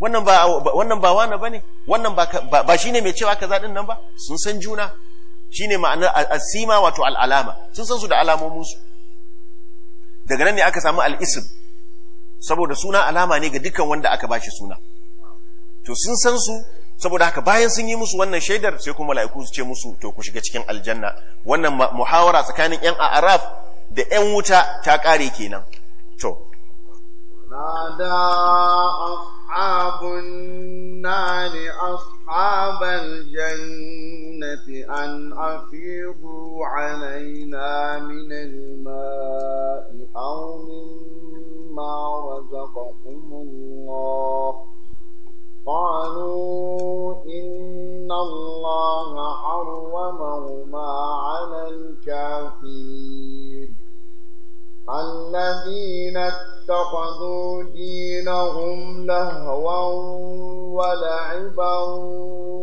wannan ba wannan ba ne? wannan ba shi ne mai cewa ka zaɗin nan ba sun san juna shi ma'ana ma'anar asima wato al'alama sun san su da alamominsu. daga nan ne aka samu al'isim saboda suna alama ne ga dukkan wanda aka ba shi suna to sun san su saboda haka bayan sun yi musu wannan shaidar sai kuma mala'iku su ce musu to ku shiga cikin aljanna wannan muhawara tsakanin yan a'raf da yan wuta ta kare kenan to نادى أصحاب النار أصحاب الجنة أن أفيضوا علينا من الماء أو مما رزقكم الله قالوا إن الله حرمهما على الكافرين الذين اتخذوا دينهم لهوا ولعبا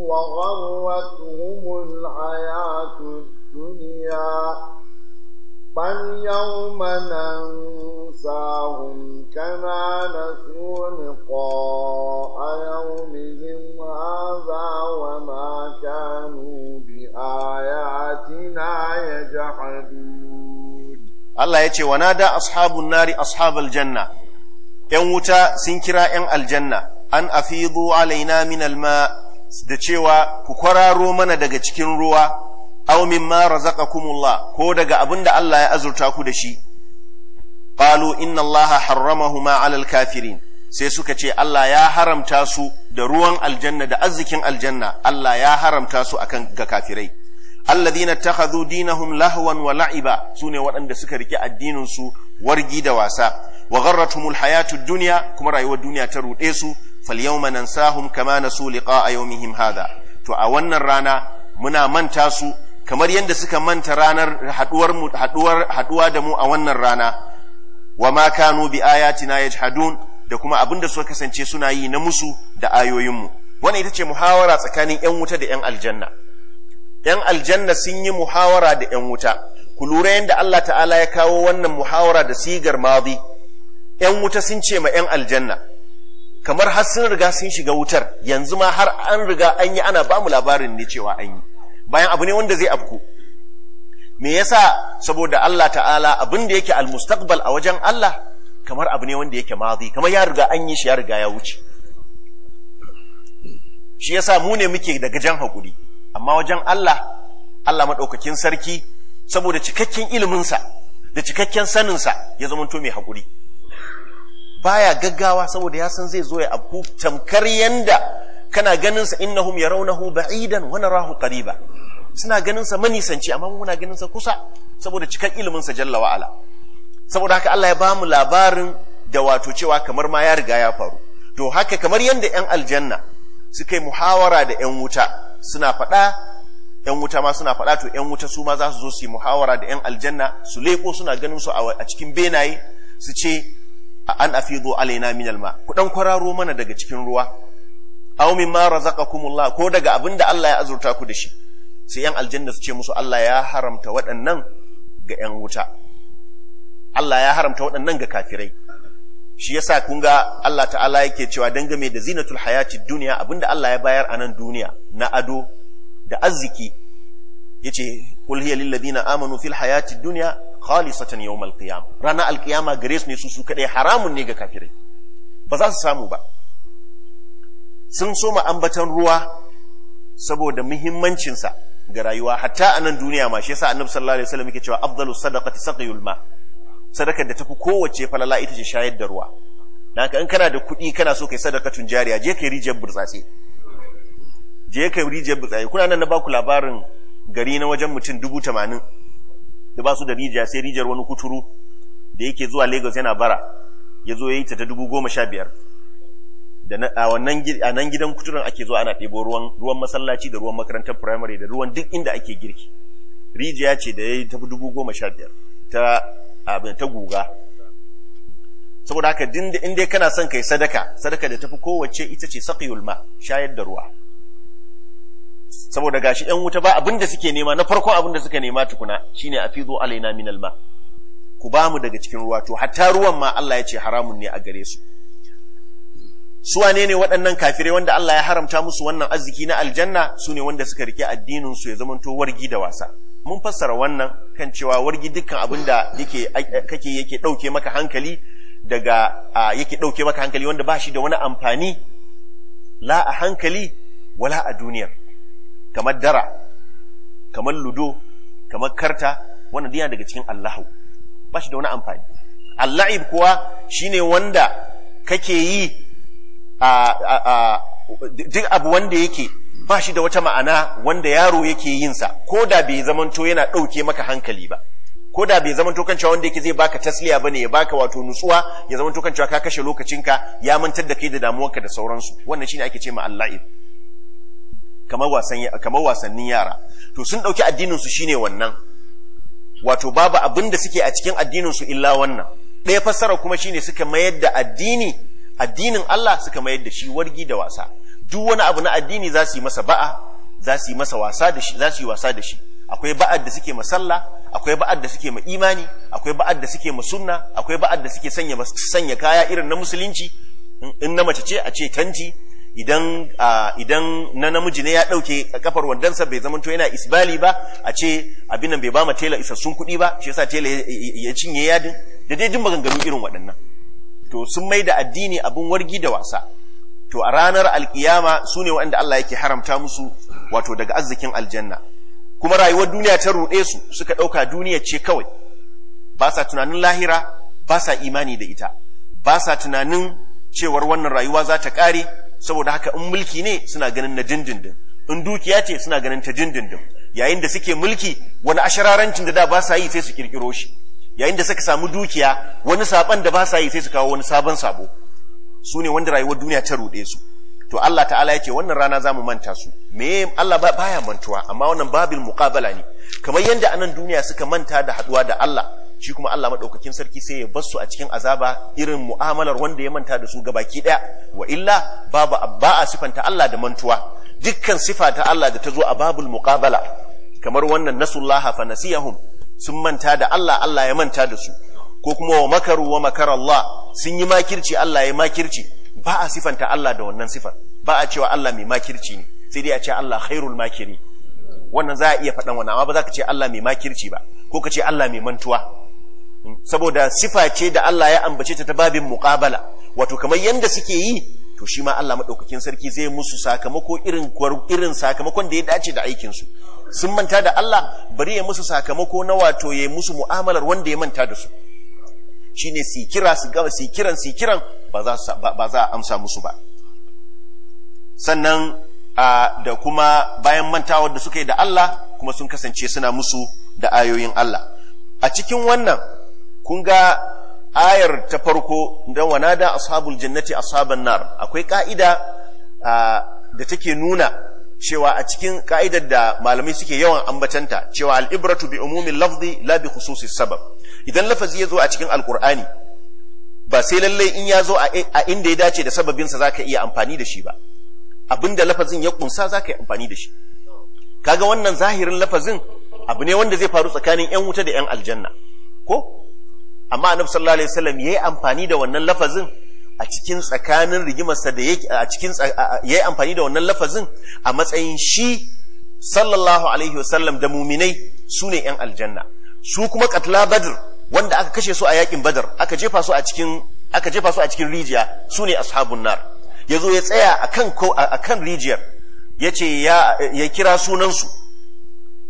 وغرتهم الحياة الدنيا فاليوم ننساهم كما نسوا لقاء يومهم هذا وما كانوا بآياتنا يجحدون Allah ya ce da ashabun nari ashabal janna ‘yan wuta sun kira ‘yan aljanna an afidu alaina min alma da cewa ku kwararo mana daga cikin ruwa aw mimma razaqakumullah ko daga abin da Allah ya azurta ku da shi qalu inna allaha harramahuma alal kafirin sai suka ce Allah ya haramta su da ruwan aljanna da arzikin aljanna Allah ya haramta su akan ga kafirai alladhina takhadhu dinahum lahwan wa la'iba sune waɗanda suka rike addinin su wargi da wasa wa gharratuhumul hayatud dunya kuma rayuwar duniya ta ruɗe su falyawma nansahum kama nasu liqa'a yawmihim hadha to a wannan rana muna manta su kamar yadda suka manta ranar haduwar mu haduwar haduwa da mu a wannan rana wa ma kanu bi ayatina yajhadun da kuma abinda suka kasance suna yi na musu da ayoyinmu wannan ita ce muhawara tsakanin yan wuta da yan aljanna ‘yan aljanna sun yi muhawara da ‘yan wuta, ku lura yadda Allah ta'ala ya kawo wannan muhawara da sigar mazi, ‘yan wuta sun ce ma ‘yan aljanna, kamar har sun riga sun shiga wutar, yanzu ma har an riga an yi ana ba mu labarin ne cewa an yi, bayan abu ne wanda zai afku. Me yasa saboda Allah ta'ala abin da yake almustaqbal a wajen Allah, kamar abu ne wanda yake mazi, kamar ya riga an yi shi ya riga ya wuce. Shi yasa mu ne muke daga jan hakuri. amma wajen Allah Allah maɗaukakin sarki saboda cikakken iliminsa da cikakken saninsa ya zamanto mai haƙuri baya gaggawa saboda ya san zai zo ya abu. tamkar yanda kana ganinsa ganin sa innahum yarawnahu ba'idan wa narahu qariba suna ganinsa manisanci amma muna ganinsa kusa saboda cikakken iliminsa jalla wa saboda haka Allah ya ba mu labarin da wato cewa kamar ma ya riga ya faru to haka kamar yanda 'yan aljanna suka yi muhawara da 'yan wuta suna faɗa ‘yan wuta ma suna faɗa to ‘yan wuta su ma za su zo su yi muhawara da ‘yan aljanna su leƙo suna ganin su a cikin benaye su ce an zo alaina minal ma ku ɗan kwararo mana daga cikin ruwa aw mimma razaqakumullah ko daga abin da Allah ya azurta ku da shi sai ‘yan aljanna su ce musu Allah ya haramta waɗannan ga ‘yan wuta Allah ya haramta waɗannan ga kafirai shi yasa kun ga Allah ta'ala yake cewa dangame da zinatul hayati duniya abinda Allah ya bayar a nan duniya na ado da arziki yace kul hiya lil ladina amanu fil hayati dunya khalisatan yawm al qiyam rana al qiyama gare su ne su su kadai haramun ne ga kafirai ba za su samu ba sun so ambatan ruwa saboda muhimmancinsa ga rayuwa hatta a nan duniya ma shi yasa annabi sallallahu alaihi wasallam yake cewa afdalus sadaqati saqiyul ma' sadakar da ta fi kowace falala ita ce shayar da ruwa dan in kana da kuɗi kana so kai sadakatun jariya je kai rijiyar burtsatse je kai rijiyar burtsatse kuna nan na baku labarin gari na wajen mutum dubu tamanin da ba su da rijiya sai rijiyar wani kuturu da yake zuwa lagos yana bara ya zo ya yi ta ta dubu goma sha biyar a nan gidan kuturan ake zuwa ana ɗebo ruwan masallaci da ruwan makarantar firamare da ruwan duk inda ake girki rijiya ce da ya yi ta dubu goma sha biyar ta abin ta guga saboda haka in dai kana son kai sadaka sadaka da tafi kowace ita ce saqiyul shayar da ruwa saboda gashi yan wuta ba abinda suke nema na farkon abinda suke nema tukuna shine afidu alaina minalma ma ku ba mu daga cikin ruwa to hatta ruwan ma Allah ya ce haramun ne a gare su su wane ne waɗannan kafire wanda Allah ya haramta musu wannan arziki na aljanna su ne wanda suka rike addinin su ya zamanto wargi da wasa mun fassara wannan kan cewa wargi dukkan abin da yake kake yake dauke maka hankali daga yake dauke maka hankali wanda ba shi da wani amfani la a hankali wala a duniyar kamar dara kamar ludo kamar karta wannan diya daga cikin allahu ba shi da wani amfani allahib kuwa shine wanda kake yi a duk abu wanda yake ba shi da wata ma'ana wanda yaro yake yin sa ko da bai zamanto yana ɗauke maka hankali ba ko da bai zamanto kan cewa wanda yake zai baka tasliya bane ya baka wato nutsuwa ya zamanto kan cewa ka kashe lokacinka ya mantar da kai da damuwarka da sauransu wannan shine ake ce ma kamar wasan kamar wasannin yara to sun dauki addinin su shine wannan wato babu abin da suke a cikin addinin su illa wannan ɗaya fassara kuma shine suka mayar da addini addinin Allah suka mayar da shi wargi da wasa duk wani abu na addini za su yi masa ba'a za su yi masa wasa da shi za su yi wasa da shi akwai ba'ad da suke ma sallah akwai ba'ad da suke ma imani akwai ba'ad da suke ma sunna akwai ba'ad da suke sanya kaya irin na musulunci in na mace ce a ce tanti idan idan na namiji ne ya dauke kafar wandansa bai zamanto yana isbali ba a ce abin nan bai ba ma tela isassun kuɗi ba shi yasa tela ya cinye yadin da dai jin maganganu irin waɗannan to sun mai da addini abin wargi da wasa to a ranar alkiyama su ne Allah yake haramta musu wato daga arzikin aljanna kuma rayuwar duniya ta ruɗe su suka ɗauka duniya ce kawai ba sa tunanin lahira ba sa imani da ita ba sa tunanin cewar wannan rayuwa za ta ƙare saboda haka in mulki ne suna ganin na dindindin in dukiya ce suna ganin ta dindindin yayin da suke mulki wani ashirarancin da da ba sa yi sai su ƙirƙiro shi yayin da suka samu dukiya wani saban da ba sa yi sai su kawo wani sabon sabo su ne wanda rayuwar duniya ta ruɗe su to Allah ta'ala yake wannan rana za mu manta su me Allah baya mantuwa amma wannan babil muqabala ne kamar yadda anan duniya suka manta da haɗuwa da Allah shi kuma Allah maɗaukakin sarki sai ya bar su a cikin azaba irin mu'amalar wanda ya manta da su gabaki ɗaya. wa illa babu ba a sifanta Allah da mantuwa dukkan sifa ta Allah da ta zo a babul muqabala kamar wannan nasullaha fa nasiyahum sun manta da Allah Allah ya manta da su ko kuma wa makaru wa makar Allah sun yi makirci Allah ya makirci ba a sifanta Allah da wannan sifar ba a cewa Allah mai makirci ne sai dai a ce Allah khairul makiri wannan za a iya faɗan wannan amma ba za ka ce Allah mai makirci ba ko ka ce Allah mai mantuwa hmm, saboda sifa ce da Allah ya ambace ta ta babin muqabala wato kamar yanda suke yi to shi ma Allah madaukakin sarki zai musu sakamako irin irin sakamakon da ya dace da aikin su sun manta da Allah bari ya musu sakamako na wato ya musu mu'amalar wanda ya manta da su shine ne sikira, su gaba sikiran-sikiran, ba za a amsa musu ba sannan da kuma bayan mantawa da suka yi da Allah kuma sun kasance suna musu da ayoyin Allah a cikin wannan kun ga ayar ta farko don wana da ashabul jannati ashaban nar akwai ka'ida da take nuna cewa a cikin ka'idar da malamai suke yawan ambatanta cewa al'ibratu bi umumin lafzi la bi khususi sabab idan lafazi ya zo a cikin alkur'ani ba sai lallai in ya zo a inda ya dace da sababinsa za ka iya amfani da shi ba abinda lafazin ya kunsa za ka yi amfani da shi kaga wannan zahirin lafazin abu ne wanda zai faru tsakanin 'yan wuta da 'yan aljanna ko amma annabi sallallahu alaihi wasallam yayi amfani da wannan lafazin a cikin tsakanin rigimarsa da yake a cikin yayi amfani da wannan lafazin a matsayin shi sallallahu alaihi wasallam da muminai su ne yan aljanna su kuma katla badr wanda aka kashe su a yakin badr aka jefa su a cikin aka jefa su a cikin rijiya su ne ashabun nar yazo ya tsaya akan ko akan rijiyar yace ya ya kira sunansu, su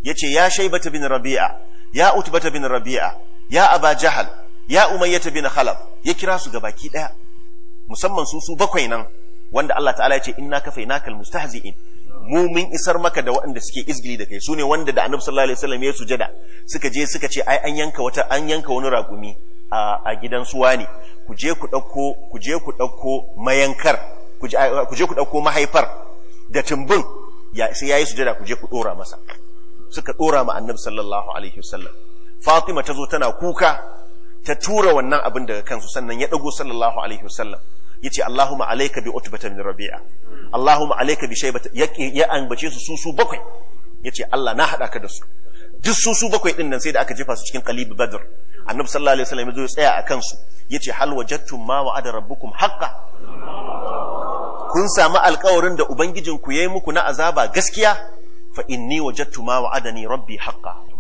yace ya shaybata bin rabi'a ya utbata bin rabi'a ya aba jahal ya umayyata bin khalaf ya kira su gabaki daya musamman su su bakwai nan wanda Allah ta'ala ya ce inna kafainaka almustahzi'in mu mun isar maka da waɗanda suke izgili da kai su ne wanda da annabi sallallahu alaihi wasallam ya sujada suka je suka ce ai an yanka wata an yanka wani ragumi a gidan suwa ne ku je ku ɗauko ku je ku dauko mayankar ku je ku ɗauko mahaifar da tumbin sai yayi sujada ku je ku ɗora masa suka ɗora ma annabi sallallahu alaihi wasallam fatima ta zo tana kuka ta tura wannan abin daga kansu sannan ya dago sallallahu alaihi wasallam yace Allahumma alayka bi utbata min rabi'a Allahumma alayka bi shaybata ya ambace su su su bakwai yace Allah na hada ka da su duk susu bakwai din nan sai da aka jefa su cikin qalib badr annabi sallallahu alaihi wasallam ya zo ya tsaya akan su yace hal wajadtum ma wa'ada rabbukum haqqan kun samu alƙawarin da ubangijinku yayi muku na azaba gaskiya fa inni wajadtu ma wa'adani rabbi haqqan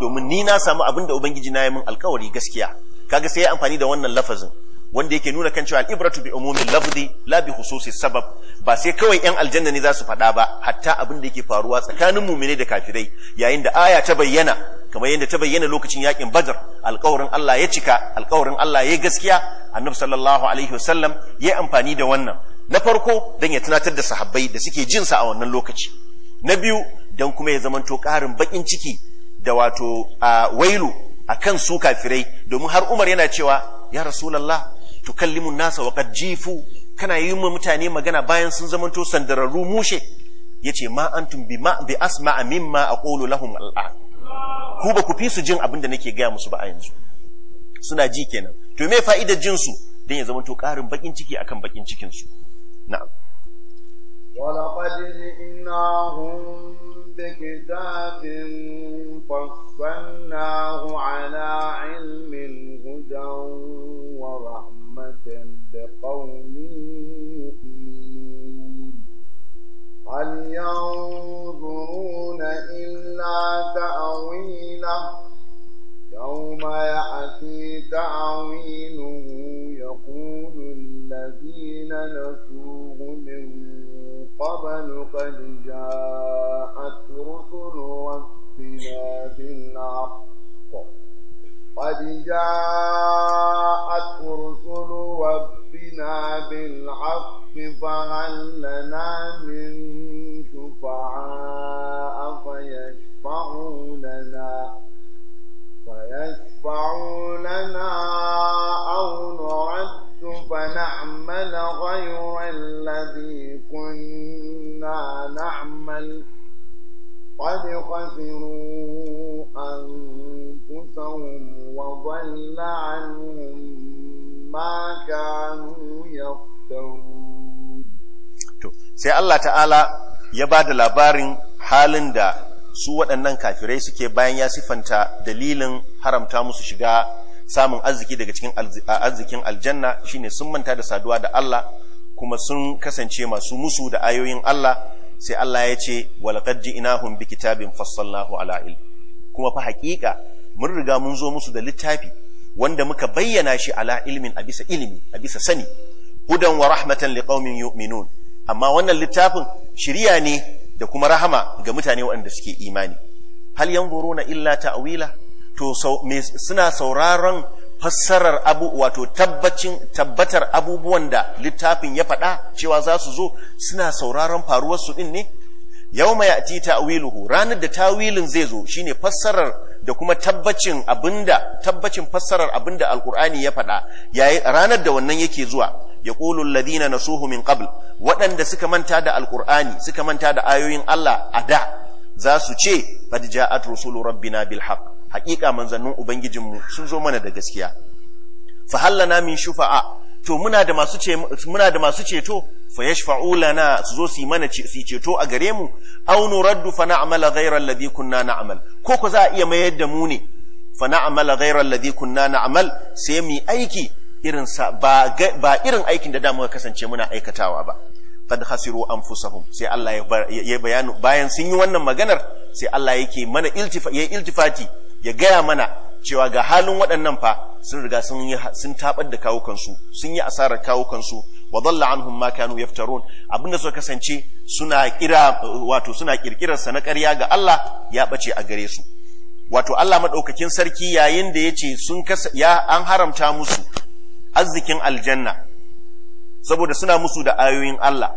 domin ni na samu abin da ubangiji na yi min alkawari gaskiya kaga sai ya amfani da wannan lafazin wanda yake nuna kan cewa al'ibratu bi umumin lafzi la bi khususi sabab ba sai kawai yan aljanna ne za su faɗa ba hatta abin da yake faruwa tsakanin mumine da kafirai yayin da aya ta bayyana kamar yadda ta bayyana lokacin yakin badr alkawarin Allah ya cika alkawarin Allah ya gaskiya annabi sallallahu alaihi wasallam ya amfani da wannan na farko dan ya tunatar da sahabbai da suke jin sa a wannan lokaci na biyu dan kuma ya zamanto karin bakin ciki da wato wailu akan su kafirai domin har Umar yana cewa ya rasulallah, Rasulullah tukallimu nasa wa qad jifu kana yi ma mutane magana bayan sun zamanto sandararru mushe yace ma antum bi ma bi asma'a mimma aqulu lahum al'an ku ba ku fi su jin abin da nake gaya musu ba a yanzu suna ji kenan to me fa'idar jin su dan ya zamanto ƙarin bakin ciki akan bakin cikin su na'am بكتاب فصلناه على علم هدى ورحمة لقوم يؤمنون هل ينظرون إلا تأويله يوم يأتي تأويله يقول الذين نسوا قبل قد جاءت رسل ربنا بالحق قد جاءت رسل ربنا بالحق فهل لنا من شفعاء فيشفعوا لنا يشفعوننا أو نرد فنعمل غير الذي كنا نعمل قد خسروا أنفسهم وضل عنهم ما كانوا يفترون sai Allah ta'ala ya ba da labarin halin da su waɗannan kafirai suke bayan ya sifanta dalilin haramta musu shiga samun arziki daga cikin arzikin aljanna shine sun manta da saduwa da Allah kuma sun kasance masu musu da ayoyin Allah sai Allah ya ce walaqad ji'nahum bi kitabin fassalnahu ala kuma fa haƙiƙa mun riga mun zo musu da littafi wanda muka bayyana shi ala ilmin a bisa ilimi a bisa sani hudan wa rahmatan liqaumin yu'minun amma wannan littafin shiriya ne da kuma rahama ga mutane waɗanda suke imani hal na illa ta'wila to suna sauraron fassarar abu wato tabbacin tabbatar abubuwan da littafin ya faɗa cewa za su zo suna sauraron faruwar su din ne Yau mai yawma ta'awilu ta'wiluhu ranar da tawilin zai zo shine fassarar da kuma tabbacin abinda tabbacin fassarar abinda alkur'ani ya faɗa yayi ranar da wannan yake zuwa yaqulu alladhina nasuhu min qabl waɗanda suka manta da alqur'ani suka manta da ayoyin Allah a da za su ce qad ja'at rusulu rabbina bil haqq haqiqa ubangijin mu sun zo mana da gaskiya fa hallana min shufa'a to muna da masu ce muna da masu ceto fa yashfa'u su zo su mana su ceto a gare mu aw nuraddu fa na'mala ghayra alladhi kunna na'mal ko ko a iya mayar da mu ne fa na'mala ghayra alladhi kunna na'mal sai mu aiki irin ba irin aikin da da muka kasance muna aikatawa ba qad khasiru anfusahum sai Allah ya bayanu bayan sun yi wannan maganar sai Allah yake mana iltifa ya iltifati ya gaya mana cewa ga halin waɗannan fa sun riga sun sun tabar da kawukansu sun yi asarar kawukansu wa dhalla anhum ma kanu yaftarun abinda suka kasance suna kira wato suna kirkirar sa na ƙarya ga Allah ya bace a gare su wato Allah madaukakin sarki yayin da yace sun ya an haramta musu arzikin aljanna saboda suna musu da ayoyin Allah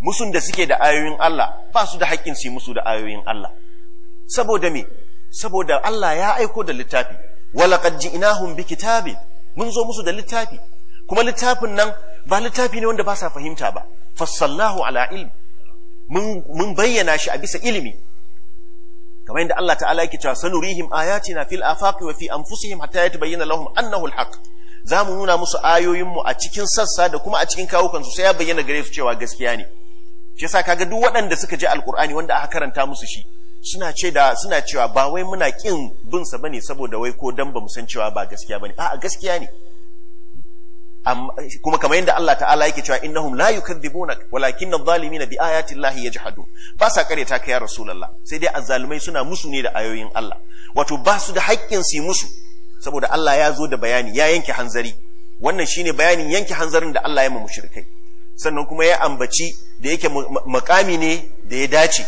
musun da suke da ayoyin Allah ba su da haƙƙin su musu da ayoyin Allah saboda me saboda Allah ya aiko da littafi walaqad ji'nahum bikitabi mun zo musu da littafi kuma littafin nan ba littafi ne wanda ba sa fahimta ba fassallahu ala ilmi mun bayyana shi a bisa ilimi kamar yadda Allah ta'ala yake cewa sanurihim ayatina fil afaqi wa fi anfusihim hatta yatabayyana lahum annahu alhaq za mu nuna musu ayoyinmu a cikin sassa da kuma a cikin kawukansu sai ya bayyana gare su cewa gaskiya ne shi yasa kaga duk waɗanda suka je alkur'ani wanda aka karanta musu shi suna ce da suna cewa ba wai muna kin bin sa bane saboda wai ko dan ba mu san cewa ba gaskiya bane a'a gaskiya ne kuma kamar yadda Allah ta'ala yake cewa innahum la yukadzibunak walakin adh dhalimin bi ayati llahi yajhadun ba sa kareta ka ya rasulullah sai dai azzalumai suna musu ne da ayoyin Allah wato ba su da haƙƙin su musu saboda Allah ya zo da bayani ya yanke hanzari wannan shine bayanin yanke hanzarin da Allah ya ma mushrikai sannan kuma ya ambaci da yake makami ne da ya dace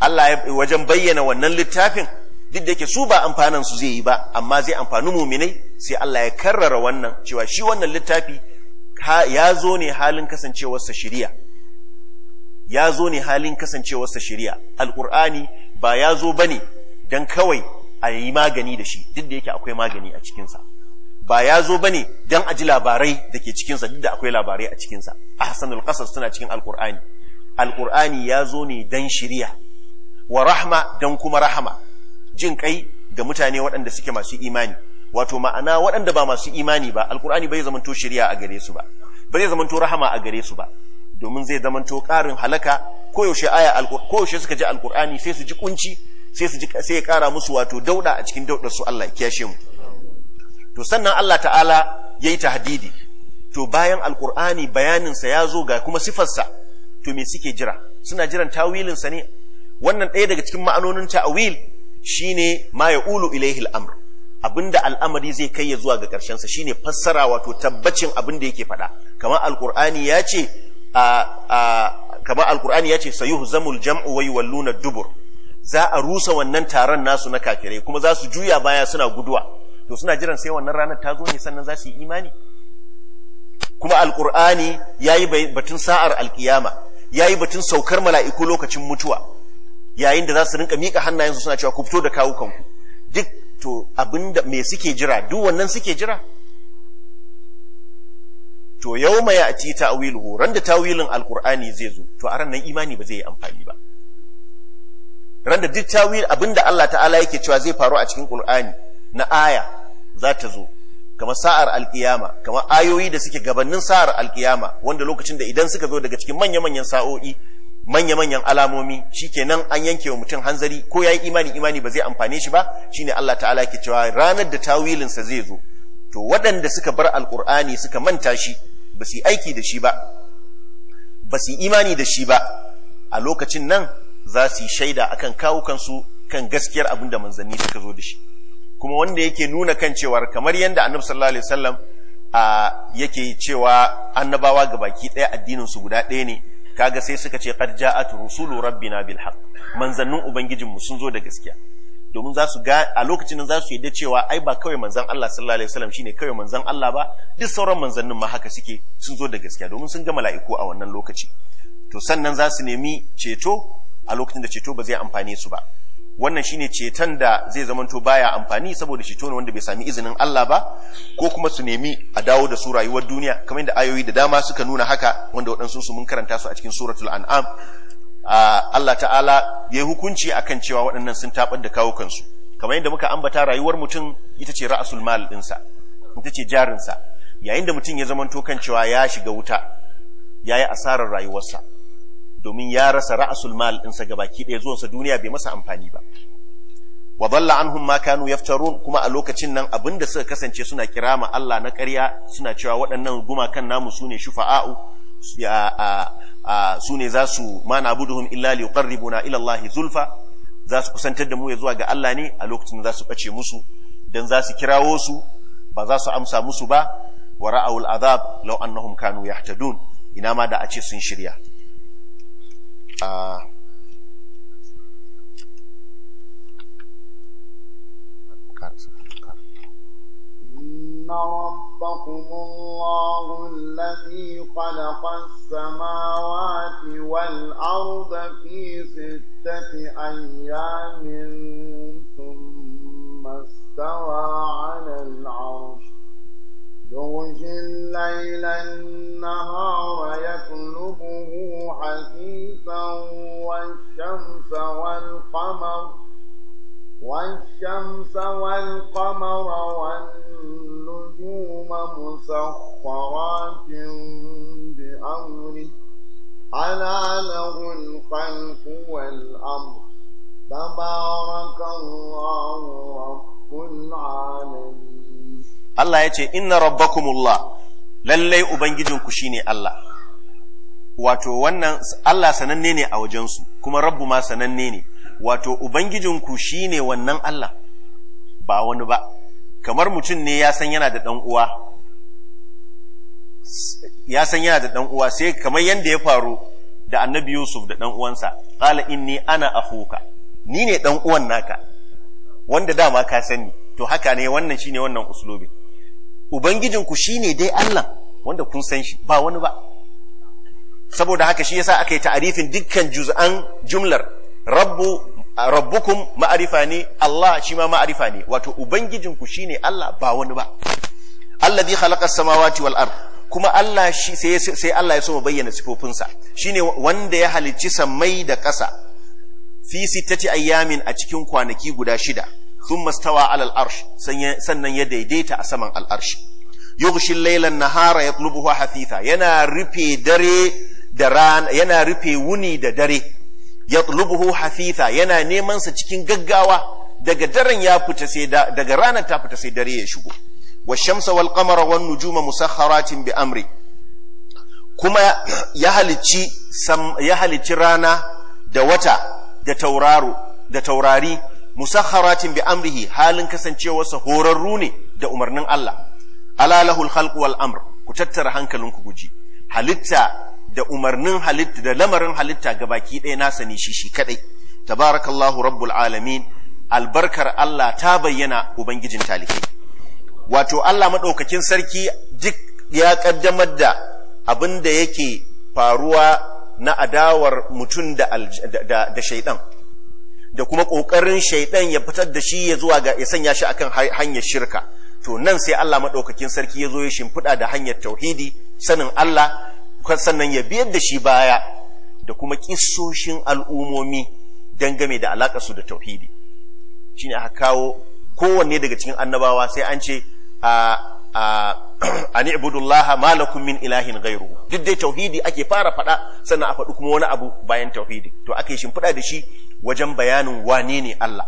Allah ya wajen bayyana wannan littafin duk da yake su ba amfanan su zai yi ba amma zai amfani muminai sai Allah ya karrara wannan cewa shi wannan littafi ya zo ne halin kasancewarsa shari'a ya zo ne halin kasancewarsa shiriya alqur'ani ba ya zo bane dan kawai a yi magani da shi duk da yake akwai magani a cikinsa ba ya zo ba ne don a ji labarai da ke cikinsa duk da akwai labarai a cikinsa a hasanul kasas suna cikin alkur'ani alkur'ani ya zo ne don shirya wa rahma don kuma rahama jin kai ga mutane waɗanda suke masu imani wato ma'ana waɗanda ba masu imani ba alkur'ani bai zamanto shirya a gare su ba bai zamanto rahama a gare su ba domin zai zamanto ƙarin halaka koyaushe aya koyaushe suka ji alkur'ani sai su ji kunci sai ya kara musu wato dauda a cikin daudar su Allah ya kiyashe mu to sannan Allah ta'ala ya yayi tahdidi to bayan alqur'ani bayaninsa ya zo ga kuma sifar sa to me suke jira suna jiran tawilin sa ne wannan ɗaya daga cikin ma'anonin ta'wil shine ma ulu ilaihi ilaihil amr abinda al'amari zai kai ya zuwa ga ƙarshen sa shine fassara wato tabbacin abin da yake faɗa kamar alqur'ani ya ce a kamar alqur'ani ya ce sayuhzamul jam'u wa yuwalluna dubur za a rusa wannan taron nasu na kafirai kuma za su juya baya suna guduwa to suna jiran sai wannan ranar ta zo ne sannan za su yi imani kuma alkur'ani ya yi batun sa'ar alkiyama ya yi batun saukar mala'iku lokacin mutuwa yayin da za su rinka miƙa hannayensu suna cewa ku fito da kawukanku duk to abinda me suke jira duk wannan suke jira to yau ma ya ci ta'awilu ran da ta'awilin alkur'ani zai zo to a ran nan imani ba zai yi amfani ba ran da duk tawil abinda Allah ta'ala yake cewa zai faru a cikin Qur'ani na aya za ta zo kamar sa'ar alkiyama kamar ayoyi da suke gabanin sa'ar alkiyama wanda lokacin da idan suka zo daga cikin manya-manyan sa'o'i manya-manyan alamomi shikenan an yanke wa mutum hanzari ko yayi imani imani ba zai amfane shi ba shine Allah ta'ala yake cewa ranar da tawilin sa zai zo to waɗanda suka bar alkur'ani suka manta shi ba su yi aiki da shi ba ba su imani da shi ba a lokacin nan za su yi shaida a akan kawukansu kan gaskiyar abin da manzanni suka zo da shi kuma wanda yake nuna kan cewar kamar yadda annabi sallallahu alaihi wasallam a yake cewa annabawa ga baki ɗaya addinin su guda ɗaya ne kaga sai suka ce qad ja'at rusulu rabbina bil haqq manzannin ubangijinmu sun zo da gaskiya domin za su ga a lokacin nan za su yadda cewa ai ba kawai manzan Allah sallallahu alaihi wasallam shine kawai manzan Allah ba duk sauran manzannin ma haka suke sun zo da gaskiya domin sun ga mala'iku a wannan lokaci to sannan za su nemi ceto a lokacin da ceto ba zai amfane su ba wannan shine ceton da zai zamanto baya amfani saboda ceto ne wanda bai sami izinin Allah ba ko kuma su nemi a dawo da su rayuwar duniya kamar da ayoyi da dama suka nuna haka wanda waɗansu su mun karanta su a cikin suratul an'am Allah ta'ala ya hukunci akan cewa waɗannan sun taɓar da kawo kansu kamar yadda muka ambata rayuwar mutum ita ce ra'asul mal ɗinsa ita ce jarinsa yayin da mutum ya zamanto kan cewa ya shiga wuta ya yi asarar rayuwarsa domin ya rasa ra'asul mal ɗinsa gabaki ɗaya zuwansa duniya bai masa amfani ba wa dalla anhum ma kanu yaftarun kuma a lokacin nan abinda suka kasance suna kirama Allah na ƙarya suna cewa waɗannan gumakan namu sune shufa'a'u sune za su ma na'buduhum illa liqarribuna ila Allah zulfa za su kusantar da mu ya zuwa ga Allah ne a lokacin za su bace musu dan za su kirawo su ba za su amsa musu ba wa ra'awul azab law annahum kanu yahtadun ina ma da a ce sun shirya Uh, إن ربكم الله الذي خلق السماوات والأرض في ستة أيام ثم استوى على العرش يغشي الليل النهار يطلبه حثيثا والشمس والقمر والشمس والقمر والنجوم مسخرات بأمره ألا له الخلق والأمر تبارك الله رب العالمين Allah ya ce inna rabbakumullah lallai ubangijinku shine Allah wato wannan Allah sananne ne a wajensu kuma rabbu ma sananne ne wato ubangijinku shine wannan Allah ba wani ba kamar mutum ne ya san yana da ɗan uwa ya san yana da ɗan uwa sai kamar yadda ya faru da annabi Yusuf da ɗan uwansa qala inni ana akhuka ni ne ɗan uwan naka wanda dama ka sani to haka ne wannan shine wannan uslubin ubangijinku shi ne dai Allah wanda kun san shi ba wani ba saboda haka shi yasa aka yi ta'arifin dukkan juz'an jumlar rabbu rabbukun ma'arifa ne Allah shi ma ma'arifa ne wato ubangijinku shi ne Allah ba wani ba Allah zai halakar samawati wal wal'ar, kuma Allah sai Allah ya so mu bayyana sifofinsa shi ne wanda ya halicci sammai da ƙasa fi sittati ayyamin a cikin kwanaki guda shida sun mastawa alal arsh sannan ya daidaita a saman al'arshi yughshi laylan nahara yatlubuhu hafifa yana rufe dare da rana yana rufe wuni da dare yatlubuhu hafifa yana neman sa cikin gaggawa daga daren ya fita sai daga ranar ta fita sai dare ya shigo washamsa wal qamara wan nujuma musakharatin bi amri kuma ya halicci ya halicci rana da wata da tauraro da taurari musakharatin bi amrihi halin kasancewarsa horarru ne da umarnin Allah alalahul lahul khalq wal amr ku tattara hankalinku guji halitta da umarnin halitta da lamarin halitta gabaki ɗaya na sani shi shi kadai tabarakallahu rabbul alamin albarkar Allah ta bayyana ubangijin talikai wato Allah madaukakin sarki duk ya kaddamar da abin da yake faruwa na adawar mutum da, da, da, da kuma ƙoƙarin shaidan ya fitar da shi ya zuwa ga ya sanya shi akan hanyar shirka to nan sai Allah maɗaukakin sarki ya zo ya shimfiɗa da hanyar tauhidi sanin Allah sannan ya biyar da shi baya da kuma ƙisoshin al'umomi dangane da alakar su da tauhidi shine aka kawo kowanne daga cikin annabawa sai an ce a a ni'budullaha ma lakum min ilahin ghairu duk dai tauhidi ake fara faɗa sannan a faɗi kuma wani abu bayan tauhidi to ake yi shimfiɗa da shi wajen bayanin wane ne Allah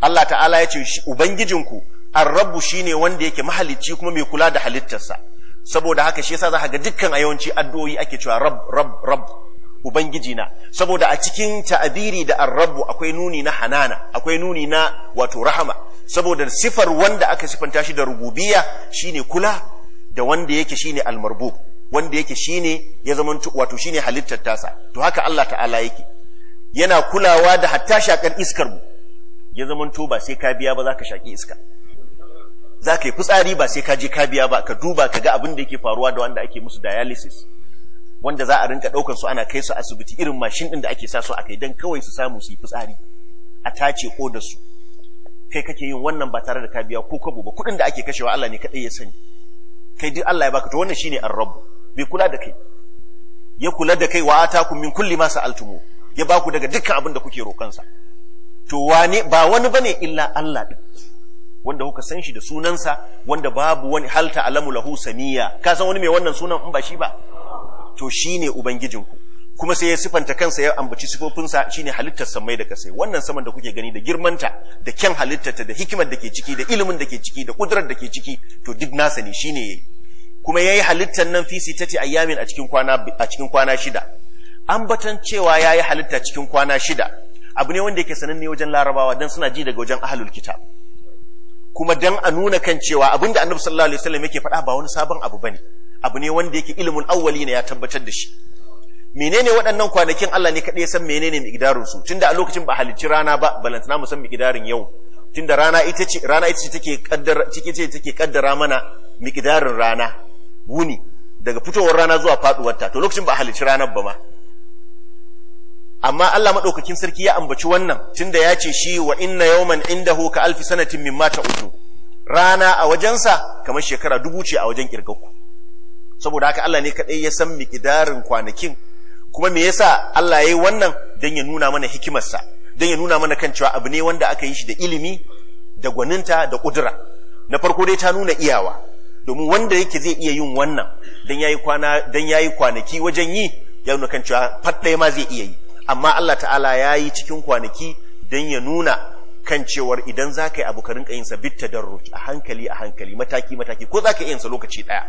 Allah ta'ala ya ce ubangijinku ar-rabbu shine wanda yake mahalicci kuma mai kula da halittarsa saboda haka shi yasa za ga dukkan a yawanci addu'o'i ake cewa rab, rab, rab, ubangiji na saboda a cikin ta'abiri da arrabbu rabu akwai nuni na hanana akwai nuni na wato rahama saboda sifar wanda aka sifanta shi da shi shine kula da wanda yake shine ne almarbu, wanda yake shine ya zama wato shine halittar tasa to haka Allah ta'ala yake yana kulawa da hatta shakar iskar mu ya zama to ba sai ka biya ba za ka shaki iska za ka yi fitsari ba sai ka je ka biya ba ka duba ka ga abin da yake faruwa da wanda ake musu dialysis wanda za a rinka ɗaukar su ana kai su asibiti irin mashin ɗin da ake sa su a kai don kawai su samu su yi fitsari a tace ko da su kai kake yin wannan ba tare da ka biya ko kabo ba kuɗin da ake kashewa Allah ne kaɗai ya sani kai duk Allah ya baka to wannan shine arrabu bai kula da kai ya kula da kai wa atakum min kulli ma sa'altumu ya baku daga dukkan abin da kuke roƙonsa to wane ba wani bane illa Allah din wanda kuka san shi da sunansa wanda babu wani halta alamu lahu saniya ka san wani mai wannan sunan in ba shi ba to shine ku. kuma sai ya sifanta kansa ya ambaci sifofinsa shine halittar samai da kasai wannan saman da kuke gani da girmanta da kyan halittarta da hikimar da ke ciki da ilimin da ke ciki da kudrar da ke ciki to duk nasa ne shine yayi kuma yayi halittar nan fi sitati ayyamin a cikin kwana a cikin kwana shida An ambatan cewa ya yi halitta cikin kwana shida abu ne wanda yake sanin ne wajen larabawa don suna ji daga wajen ahalul kitab kuma don a nuna kan cewa abinda annabi sallallahu alaihi wasallam yake faɗa ba wani sabon abu bane abu ne wanda yake ilimin awwali ne ya tabbatar da shi menene waɗannan kwanakin Allah ne kaɗai ya san menene miqdarin su tunda a lokacin ba halicci rana ba balantana mu san miqdarin yau tunda rana ita ce rana ita ce take kaddara take ce take kaddara mana miqdarin rana wuni daga fitowar rana zuwa faduwar ta to lokacin ba halicci ranar ba ma amma Allah madaukakin sarki ya ambaci wannan tunda ya ce shi wa inna yawman indahu ka alfi sanatin mimma ta'udu rana a wajensa kamar shekara dubu ce a wajen kirgaku saboda haka Allah ne kadai ya san miqdarin kwanakin kuma me yasa Allah yayi wannan dan ya nuna mana hikimarsa dan ya nuna mana kan cewa abu ne wanda aka yi shi da ilimi da gwaninta da kudura na farko dai ta nuna iyawa domin wanda yake zai iya yin wannan dan yayi kwana dan yayi kwanaki wajen yi ya nuna kan cewa fadda ma zai iya yi amma Allah ta'ala ya yi cikin kwanaki don ya nuna kan cewar idan za ka yi abu ka rinka yinsa bitta darruj a hankali a hankali mataki mataki ko za ka yinsa lokaci ɗaya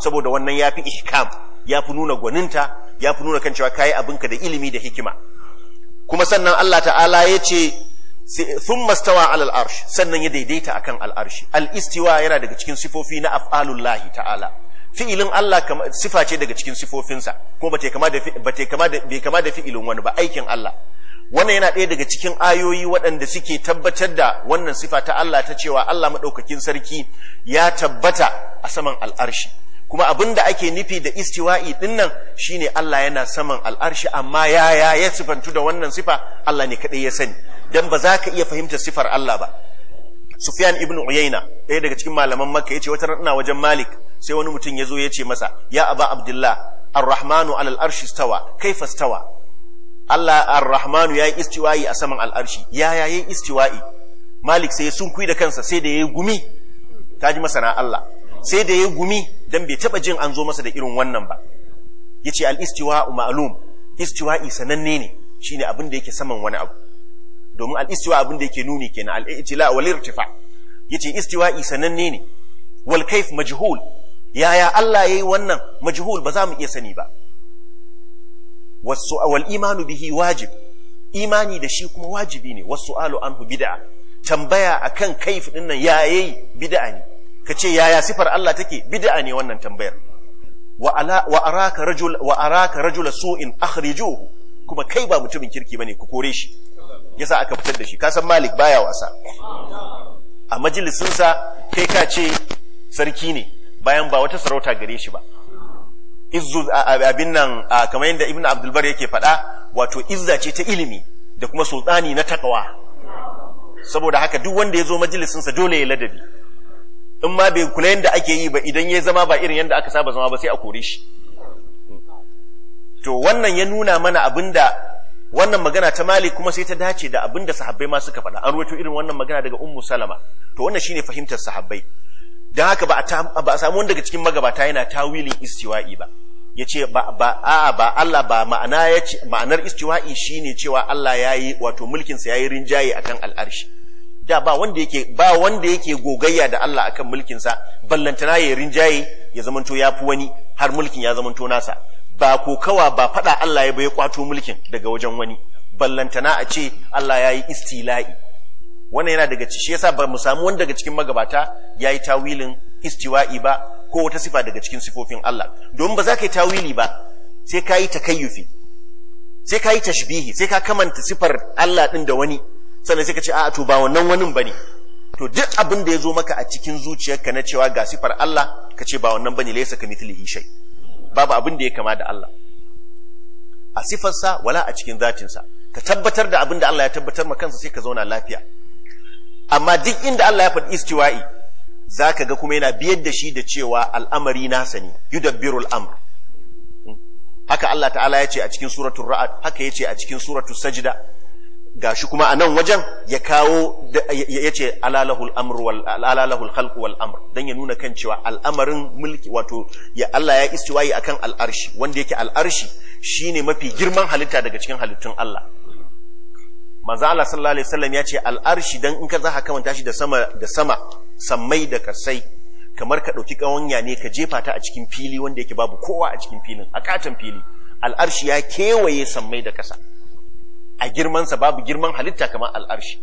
saboda wannan ya fi ihkam ya fi nuna gwaninta ya fi nuna kan cewa ka yi abinka da ilimi da hikima kuma sannan Allah ta'ala ya ce sun mastawa alal arsh sannan ya daidaita akan al arshi al istiwa yana daga cikin sifofi na af'alullahi ta'ala fi'ilin Allah sifa ce daga cikin sifofinsa kuma kama da bai kama da fi'ilin wani ba aikin Allah wannan yana ɗaya daga cikin ayoyi waɗanda suke tabbatar da wannan sifa ta Allah ta cewa Allah maɗaukakin sarki ya tabbata a saman al'arshi kuma abin da ake nufi da istiwa'i shi shine Allah yana saman al'arshi amma ya ya ya sifantu da wannan sifa Allah ne kaɗai ya sani dan ba za ka iya fahimtar sifar Allah ba Sufyan ibn Uyayna ɗaya daga cikin malaman Makka yace wata wajen Malik sai wani mutum ya zo ya ce masa ya aba abdullah arrahmanu alal arshi stawa kaifa stawa Allah ar ya yi istiwa'i a saman al'arshi ya yayi istiwa'i malik sai sun kui da kansa sai da yi gumi taji masana Allah sai da yi gumi dan bai taba jin an zo masa da irin wannan ba Ya ce al'istiwa'u ma'alum istiwa'i sananne ne ne abin da yake saman wani abu domin al'istiwa abin da yake nuni kenan al-i'tila wal Ya yace istiwa'i sananne ne wal kaif majhul yaya Allah yayi wannan majhul ba za mu iya sani ba wal imanu bihi wajib imani da shi kuma wajibi ne wasu alu anhu bid'a tambaya akan kaif din nan yayi bid'a ne kace yaya sifar Allah take bid'a ne wannan tambayar wa ala wa araka rajul su'in akhrijuhu kuma kai ba mutumin kirki bane ku kore shi yasa aka fitar da shi ka san Malik baya wasa a majalisinsa kai ka ce sarki ne bayan ba wata sarauta gare shi ba izzu abin nan kamar yadda ibnu abdul bar yake faɗa wato izza ce ta ilimi da kuma sultani na takawa saboda haka duk wanda ya zo majalisin sa dole ya ladabi in ma bai kula yadda ake yi ba idan ya zama ba irin yadda aka saba zama ba sai a kore shi to wannan ya nuna mana abinda wannan magana ta mali kuma sai ta dace da abinda sahabbai ma suka faɗa an ruwaito irin wannan magana daga Ummu Salama to wannan shine fahimtar sahabbai don haka ba a samu wanda daga cikin magabata yana tawilin istiwa'i ba ya ce ba a ba Allah ba ma'ana ya ce ma'anar istiwa'i shine cewa Allah ya yi wato mulkinsa ya yi rinjaye akan al'arshi da ba wanda yake ba wanda yake gogayya da Allah akan mulkinsa ballantana ya rinjaye ya zamanto ya fi wani har mulkin ya zamanto nasa ba kokawa ba faɗa Allah ya bai kwato mulkin daga wajen wani ballantana a ce Allah ya yi istila'i wannan yana daga shi yasa ba mu samu wani daga cikin magabata ya yi tawilin istiwa'i ba ko wata sifa daga cikin sifofin Allah domin ba za ka yi tawili ba sai ka yi takayyufi sai ka yi tashbihi sai ka kamanta sifar Allah din da wani sannan sai ka ce a'a to ba wannan wani bane to duk abin da ya zo maka a cikin zuciyarka na cewa ga sifar Allah ka ce ba wannan bane laysa mithlihi shay babu abin da ya kama da Allah a sifarsa wala a cikin zatinsa ka tabbatar da abin da Allah ya tabbatar ma kansa sai ka zauna lafiya amma duk inda Allah ya faɗi istiwa'i za ka ga kuma yana biyar da shi da cewa al'amari nasa ne yudabbirul al'amur. haka Allah ta'ala ya ce a cikin suratun ra'ad haka ya ce a cikin suratun sajida, ga shi kuma a nan wajen ya kawo ya ce alalahul halku wal dan ya nuna kan cewa al'amarin mulki wato ya Allah ya a akan al'arshi wanda yake al'arshi shi ne mafi girman halitta daga cikin halittun Allah manzo Allah sallallahu alaihi wasallam ya ce al'arshi dan in ka za ka kamanta shi da sama da sama sammai da kasai kamar ka dauki kawanya ne ka jefa ta a cikin fili wanda yake babu kowa a cikin filin a katon fili al'arshi ya kewaye sammai da kasa a girmansa babu girman halitta kamar al'arshi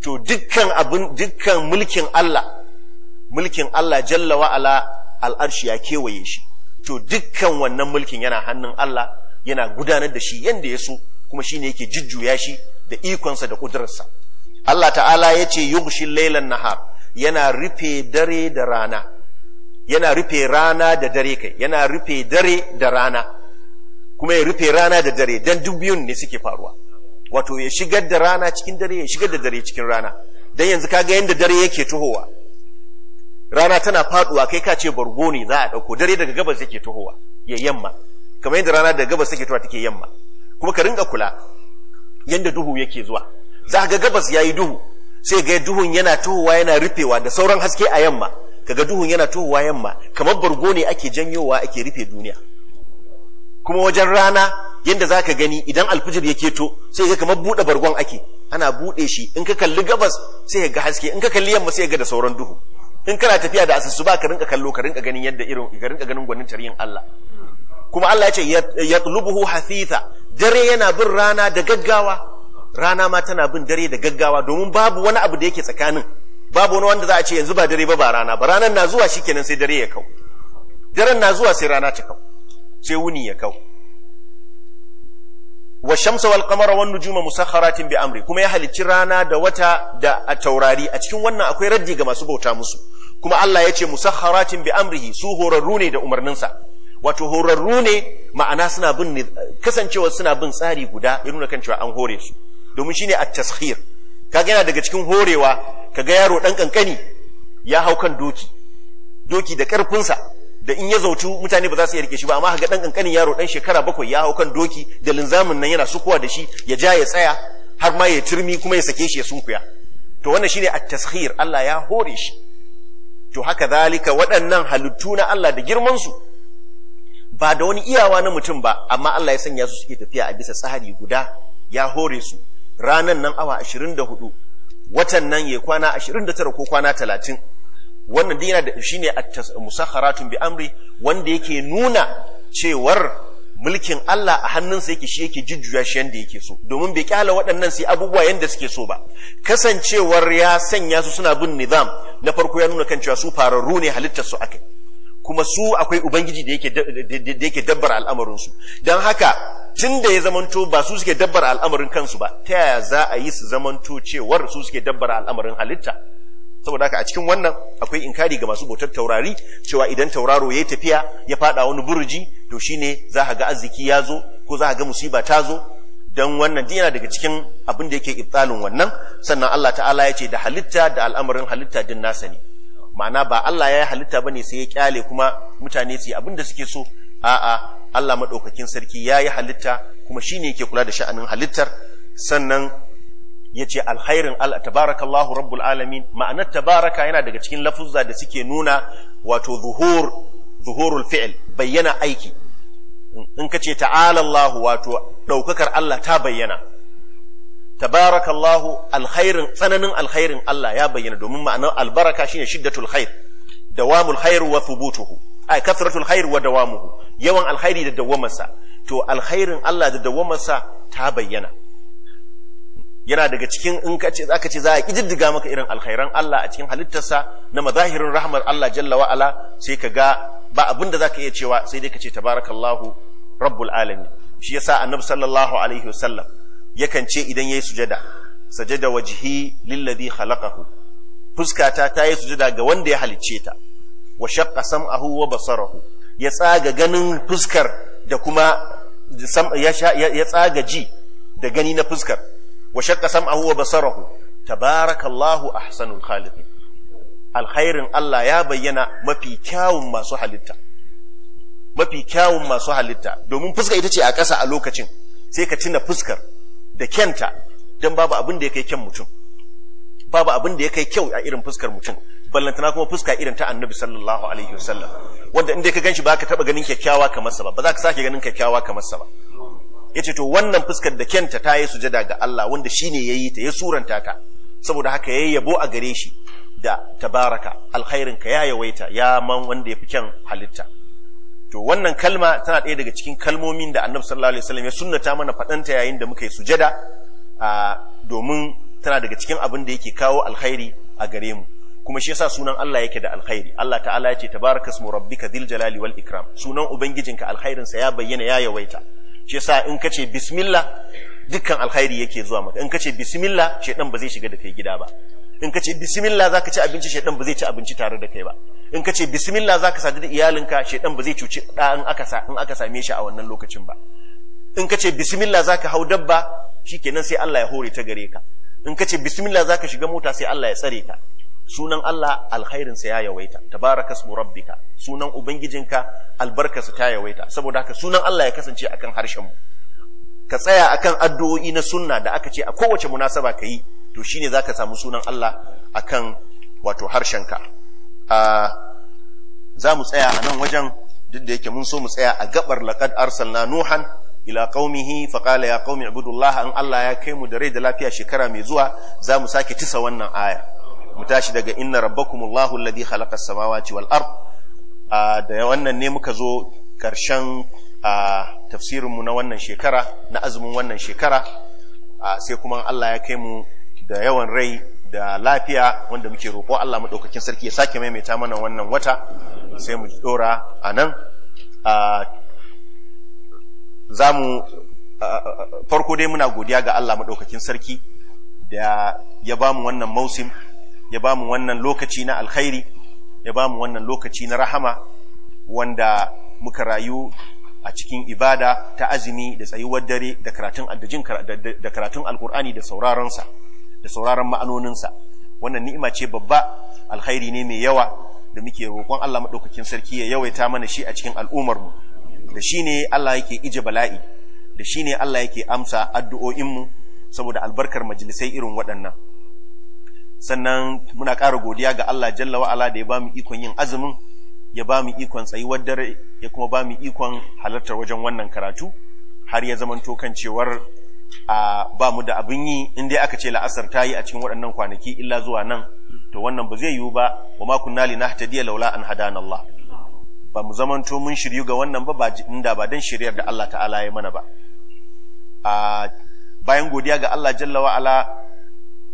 to dukkan abin dukkan mulkin Allah mulkin Allah jalla wa ala al'arshi ya kewaye shi to dukkan wannan mulkin yana hannun Allah yana gudanar da shi yanda ya so kuma shine yake jujjuya shi da ikonsa da ƙudurarsa Allah ta'ala ya ce yughshil lailan nahar yana rufe dare da rana yana rufe rana da dare kai yana rufe dare da rana kuma ya rufe rana da dare Don duk biyun ne suke faruwa wato ya shigar da rana cikin dare ya shigar da dare cikin rana Don yanzu ka ga yadda dare yake tuhowa rana tana faduwa kai ka ce bargo ne za a dauko dare daga gabas yake tuhowa ya yamma kamar yadda rana daga gabas take tuwa take yamma kuma ka ringa kula yanda duhu yake zuwa za ga gabas yayi duhu sai ga duhun yana tuhuwa yana rufewa da sauran haske a yamma kaga duhun yana tuhuwa yamma kamar bargo ne ake janyowa ake rufe duniya kuma wajen rana yanda za ka gani idan alfijir ya keto sai ga kamar buɗe bargon ake ana buɗe shi in ka kalli gabas sai ga haske in ka kalli yamma sai ga da sauran duhu in kana tafiya da asusu ba ka rinka kallo ka rinka ganin yadda irin ka rinka ganin gwanin tarihin Allah kuma Allah ya ce yatlubuhu hasitha dare yana bin rana da gaggawa rana ma tana bin dare da gaggawa domin babu wani abu da yake tsakanin babu wani wanda za a ce yanzu ba dare ba ba rana ba ranar na zuwa shikenan sai dare ya kau daren na zuwa sai rana ta kau sai wuni ya kau wa shamsa wal qamara wan nujuma musakharatin bi amri kuma ya halicci rana da wata da a taurari a cikin wannan akwai raddi ga masu bauta musu kuma Allah ya ce musakharatin bi amrihi su horarru ne da umarninsa wato horarru ne ma'ana suna bin kasancewa suna bin tsari guda ya nuna kan cewa an hore su domin shine a tashir kaga yana daga cikin horewa kaga yaro dan kankani ya hau kan doki doki da karfinsa da in ya zautu mutane ba za su iya rike shi ba amma kaga dan kankanin yaro dan shekara bakwai ya hau kan doki da linzamin nan yana sukuwa da shi ya ja ya tsaya har ma ya turmi kuma ya sake shi ya sunkuya to wannan shine a tashir Allah ya hore shi to haka zalika waɗannan halittu na Allah da girman su ba da wani iyawa na mutum ba amma Allah ya sanya su suke tafiya a bisa tsari guda ya hore su ranan nan awa 24 watan nan ya kwana 29 ko kwana 30 wannan dai yana da shine musakharatun bi amri wanda yake nuna cewar mulkin Allah a hannunsa yake shi yake jujjuya shi yanda yake so domin bai kyala waɗannan sai abubuwa yanda suke so ba kasancewar ya sanya su suna bin nizam na farko ya nuna kan cewa su fararru ne halittar su akai kuma su akwai ubangiji da yake dabbar al'amarinsu don haka tun da ya zamanto ba su suke dabbar al'amarin kansu ba ta yaya za a yi su zamanto cewar su suke dabbar al'amarin halitta saboda haka a cikin wannan akwai inkari ga masu bautar taurari cewa idan tauraro ya tafiya ya fada wani burji to shine za ka ga arziki ya zo ko za ka ga musiba ta zo don wannan yana daga cikin abin da yake ibtalin wannan sannan Allah ta'ala ya ce da halitta da al'amarin halitta din nasa ma'ana ba Allah ya halitta bane sai ya kyale kuma mutane su yi abin da suke so a'a Allah madaukakin sarki ya yi halitta kuma shine yake kula da sha'anin halittar sannan ya ce alkhairin Allah tabarakallahu rabbul alamin ma'anar tabaraka yana daga cikin lafuzza da suke nuna wato zuhur zuhurul fi'l bayyana aiki in ka ce ta'ala Allah wato ɗaukakar Allah ta bayyana tabarakallahu alkhairin tsananin alkhairin Allah ya bayyana domin ma'anar albaraka shine shiddatul khair dawamul khair wa thubutuhu ay kathratul khair wa dawamuhu yawan alkhairi da dawamarsa to alkhairin Allah da dawamarsa ta bayyana yana daga cikin in ka ce za a kididdiga maka irin alkhairan Allah a cikin halittarsa na mazahirin rahmar Allah jalla wa sai ka ga ba abin da zaka iya cewa sai dai ka ce tabarakallahu rabbulalami alamin shi yasa annabi sallallahu alaihi wasallam yakan ce idan yayi sujada sajada wajhi lillazi khalaqahu fuskata ta yi sujada ga wanda ya halicce ta wa shaqqa sam'ahu wa basarahu ya tsaga ganin fuskar da kuma ya tsaga ji da gani na fuskar wa shaqqa sam'ahu wa basarahu tabarakallahu ahsanul khaliqin alkhairin Allah ya bayyana mafi kyawun masu halitta mafi kyawun masu halitta domin fuska ita ce a ƙasa a lokacin sai ka cina fuskar da kyanta don babu abin da ya kai kyan mutum babu abin da ya kai kyau a irin fuskar mutum ballantana kuma fuska irin ta annabi sallallahu alaihi wasallam wanda inda ka ganshi ba ka taba ganin kyakkyawa kamar sa ba ba za ka sake ganin kyakkyawa kamar sa ba yace to wannan fuskar da kyanta ta yi sujada ga Allah wanda shine yayi ta ya suranta ka saboda haka yayi yabo a gare shi da tabaraka alkhairin ka ya yawaita ya man wanda ya fi kyan halitta to wannan kalma tana ɗaya daga cikin kalmomin da annabi sallallahu alaihi wasallam ya sunnata mana faɗanta yayin da muka yi sujada domin tana daga cikin abin da yake kawo alkhairi a gare mu kuma shi yasa sunan Allah yake da alkhairi Allah ta'ala ya ce tabarakasmu rabbika dhil jalali wal ikram sunan ubangijinka alkhairin sa ya bayyana ya yawaita shi yasa in kace bismillah dukkan alkhairi yake zuwa maka in kace bismillah shedan ba zai shiga da kai gida ba in kace bismillah zaka ci abinci shedan ba zai ci abinci tare da kai ba in ka ce bismillah zaka sadu da iyalinka shedan ba zai cuci ɗa in aka same shi a wannan lokacin ba in ka ce bismillah ka hau dabba shi kenan sai Allah ya hore ta gare ka in ka ce bismillah ka shiga mota sai Allah ya tsare ka sunan Allah alkhairin sa ya yawaita tabarakasmu rabbika sunan ubangijinka albarkarsa ta yawaita saboda haka sunan Allah ya kasance akan harshen mu ka tsaya akan addu'o'i na sunna da aka ce a kowace munasaba ka yi to shine zaka samu sunan Allah akan wato harshenka za mu tsaya a nan wajen duk da yake mun so mu tsaya a gabar laqad arsalna nuhan ila qaumihi fa qala ya qaumi ibudullah an Allah ya kai mu da rai da lafiya shekara mai zuwa za mu sake tisa wannan aya mu tashi daga inna rabbakumullahu alladhi khalaqa as-samawati wal ard da wannan ne muka zo karshen mu na wannan shekara na azumin wannan shekara sai kuma Allah ya kai mu da yawan rai da lafiya wanda muke roƙo Allah maɗaukakin sarki ya sake maimaita mana wannan wata sai mu dora a nan za mu farko dai muna godiya ga Allah maɗaukakin sarki da ya ba mu wannan mausim ya ba mu wannan lokaci na alkhairi ya ba mu wannan lokaci na rahama wanda muka rayu a cikin ibada ta azumi da tsayuwar dare da karatun alkur'ani da sauraronsa. da sauraron ma'anoninsa wannan ni'ima ce babba alkhairi ne mai yawa da muke roƙon Allah madaukakin sarki ya yawaita mana shi a cikin al'ummar mu da shi ne Allah yake ije bala'i da shi ne Allah yake amsa addu'o'in mu saboda albarkar majalisai irin waɗannan sannan muna ƙara godiya ga Allah jalla wa ala da ya bamu ikon yin azumin ya bamu ikon tsayuwar dare ya kuma bamu ikon halartar wajen wannan karatu har ya zamanto kan cewar a ba mu da abin yi in dai aka ce la'asar ta yi a cikin waɗannan kwanaki illa zuwa nan to wannan ba zai yiwu ba wa ma kunna li nahtadiya laula an hadana Allah ba mu zamanto mun shiryu ga wannan ba inda ba dan shiryar da Allah ta'ala ya mana ba a bayan godiya ga Allah jalla wa ala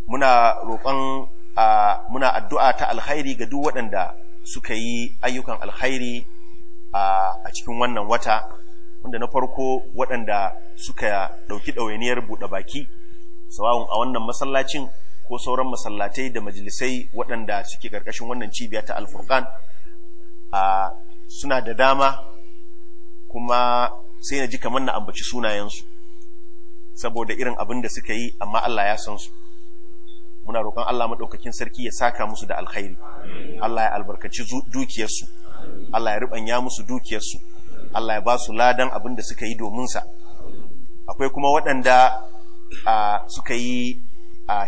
muna roƙon muna addu'a ta alkhairi ga duk waɗanda suka yi ayyukan alkhairi a cikin wannan wata wanda na farko waɗanda suka ɗauki ɗawainiyar buɗe baki sawa'un a wannan masallacin ko sauran masallatai da majalisai waɗanda suke ƙarƙashin wannan cibiya ta alfurkan suna da dama kuma sai na ji kamar na ambaci sunayensu saboda irin abin da suka yi amma Allah ya san su muna roƙon Allah maɗaukakin sarki ya saka musu da alkhairi Allah ya albarkaci dukiyarsu Allah ya ruɓanya musu dukiyarsu Allah ya ba su ladan abin da suka yi domin sa, akwai kuma waɗanda suka yi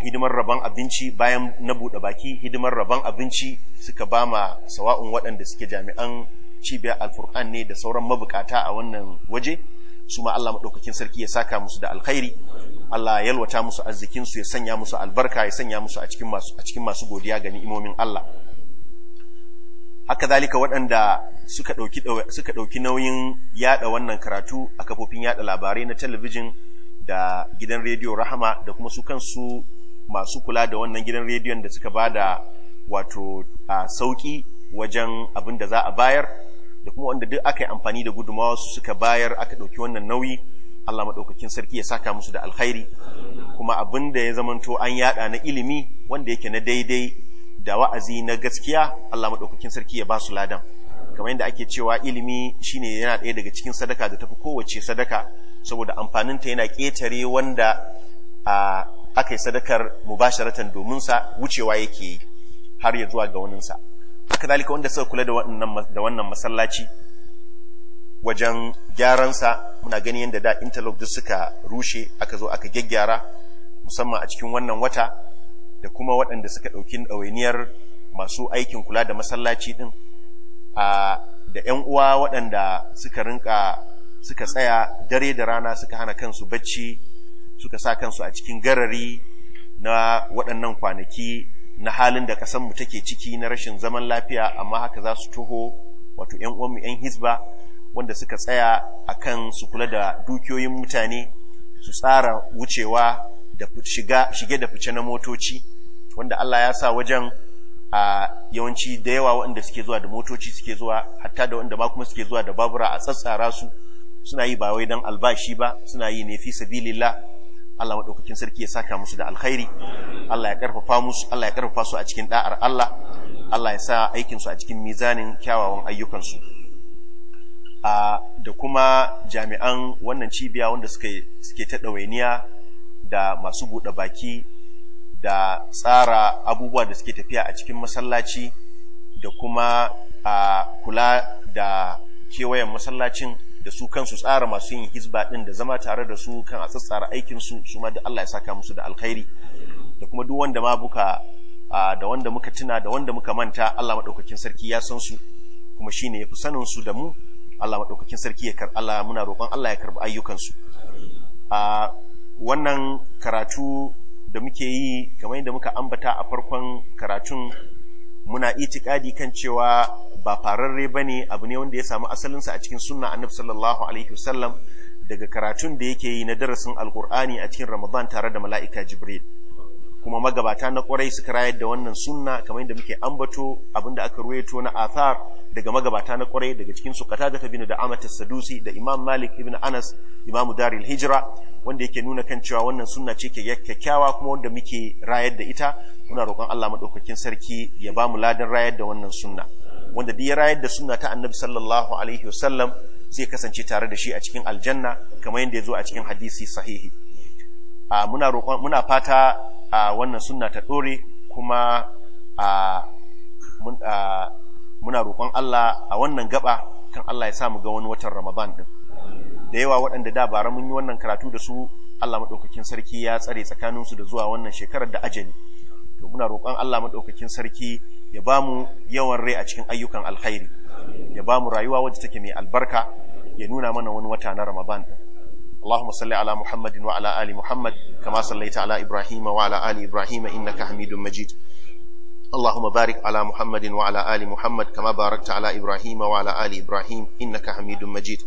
hidimar rabon abinci bayan na buɗe baki hidimar rabon abinci suka ba ma sawa'un waɗanda suke jami'an cibiyar alfur'an ne da sauran mabukata a wannan waje su ma Allah maɗaukakin sarki ya saka musu da alkhairi Allah ya yalwata musu arzikinsu ya sanya musu albarka ya sanya musu a cikin masu godiya ga ni'imomin Allah Aka zalika waɗanda suka ɗauki nauyin yada wannan karatu a kafofin yada labarai na talabijin da gidan rediyo Rahama da kuma su kansu masu kula da wannan gidan rediyon da suka ba da wato a sauki wajen abin da za a bayar da kuma wanda duk aka yi amfani da gudunmawa su suka bayar aka ɗauki wannan nauyi Allah maɗaukakin sarki ya saka musu da alkhairi kuma abin da ya zamanto an yada na ilimi wanda yake na daidai da wa'azi na gaskiya Allah maɗaukakin sarki ya ba su ladan kamar yadda ake cewa ilimi shine yana ɗaya daga cikin sadaka da tafi kowace sadaka saboda amfanin ta yana ƙetare wanda aka yi sadakar mubasharatan domin sa wucewa yake yi har ya zuwa ga waninsa haka zalika wanda suka kula da wannan masallaci wajen gyaransa muna gani yadda da interlock duk suka rushe aka zo aka gyaggyara musamman a cikin wannan wata da kuma waɗanda suka ɗauki ɗawainiyar masu aikin kula da masallaci ɗin da 'yan uwa waɗanda suka rinka suka tsaya dare da rana suka hana kansu bacci suka sa kansu a cikin garari na waɗannan kwanaki na halin da ƙasanmu take ciki na rashin zaman lafiya amma haka za su toho wato 'yan uwanmu 'yan hisba. wanda suka tsaya a kan su kula da dukiyoyin mutane su tsara wucewa da shiga shige da fice na motoci wanda Allah ya sa wajen a yawanci da yawa waɗanda suke zuwa da motoci suke zuwa hatta da waɗanda ba kuma suke zuwa da babura a tsatsara su suna yi ba wai dan albashi ba suna yi ne fi sabilillah Allah madaukakin sarki ya saka musu da alkhairi Allah ya karfafa musu Allah ya karfafa su a cikin da'ar Allah Allah ya sa aikin su a cikin mizanin kyawawan ayyukan su a da kuma jami'an wannan cibiya wanda suke suke ta dawainiya da masu buɗe baki da tsara abubuwa da suke tafiya a cikin masallaci da kuma a kula da kewayen masallacin da su kansu tsara masu yin hizba ɗin da zama tare da su kan a tsatsara aikinsu su ma da Allah ya saka musu da alkhairi da kuma duk wanda ma buka da wanda muka tuna da wanda muka manta Allah maɗaukakin sarki ya san su kuma shine ya fi sanin su da mu Allah maɗaukakin sarki ya kar Allah muna roƙon Allah ya karɓi ayyukansu wannan karatu da muke yi kamar yadda muka ambata a farkon karatun muna itikadi kan cewa ba fararre ba ne abu ne wanda ya samu asalinsa a cikin sunna annabi sallallahu alaihi wasallam daga karatun da yake yi na darasin alkur'ani a cikin ramadan tare da mala'ika jibril kuma magabata na ƙwarai suka rayar da wannan sunna kamar yadda muke ambato abinda aka ruwaito na athar daga magabata na ƙwarai daga cikin su qatada bin da amata sadusi da imam malik ibn anas imam daril hijra wanda yake nuna kan cewa wannan sunna ce ke kyakkyawa kuma wanda muke rayar da ita muna roƙon Allah madaukakin sarki ya bamu ladan rayar da wannan sunna wanda duk rayar da sunna ta annabi sallallahu alaihi wasallam zai kasance tare da shi a cikin aljanna kamar yadda ya zo a cikin hadisi sahihi muna roƙon muna fata a wannan sunna ta ɗore kuma a muna roƙon Allah a wannan gaba kan Allah ya samu ga wani watan Ramadan ɗin. da yawa waɗanda da bara mun yi wannan karatu da su Allah maɗaukakin sarki ya tsare tsakaninsu da zuwa wannan shekarar da ajali to muna roƙon Allah maɗaukakin sarki ya ba mu yawan rai a cikin ayyukan alkhairi ya ba mu rayuwa wadda take mai albarka ya nuna mana wani wata na ramadan ɗin اللهم صل على محمد وعلى آل محمد كما صليت على إبراهيم وعلى آل إبراهيم إنك حميد مجيد اللهم بارك على محمد وعلى آل محمد كما باركت على إبراهيم وعلى آل إبراهيم إنك حميد مجيد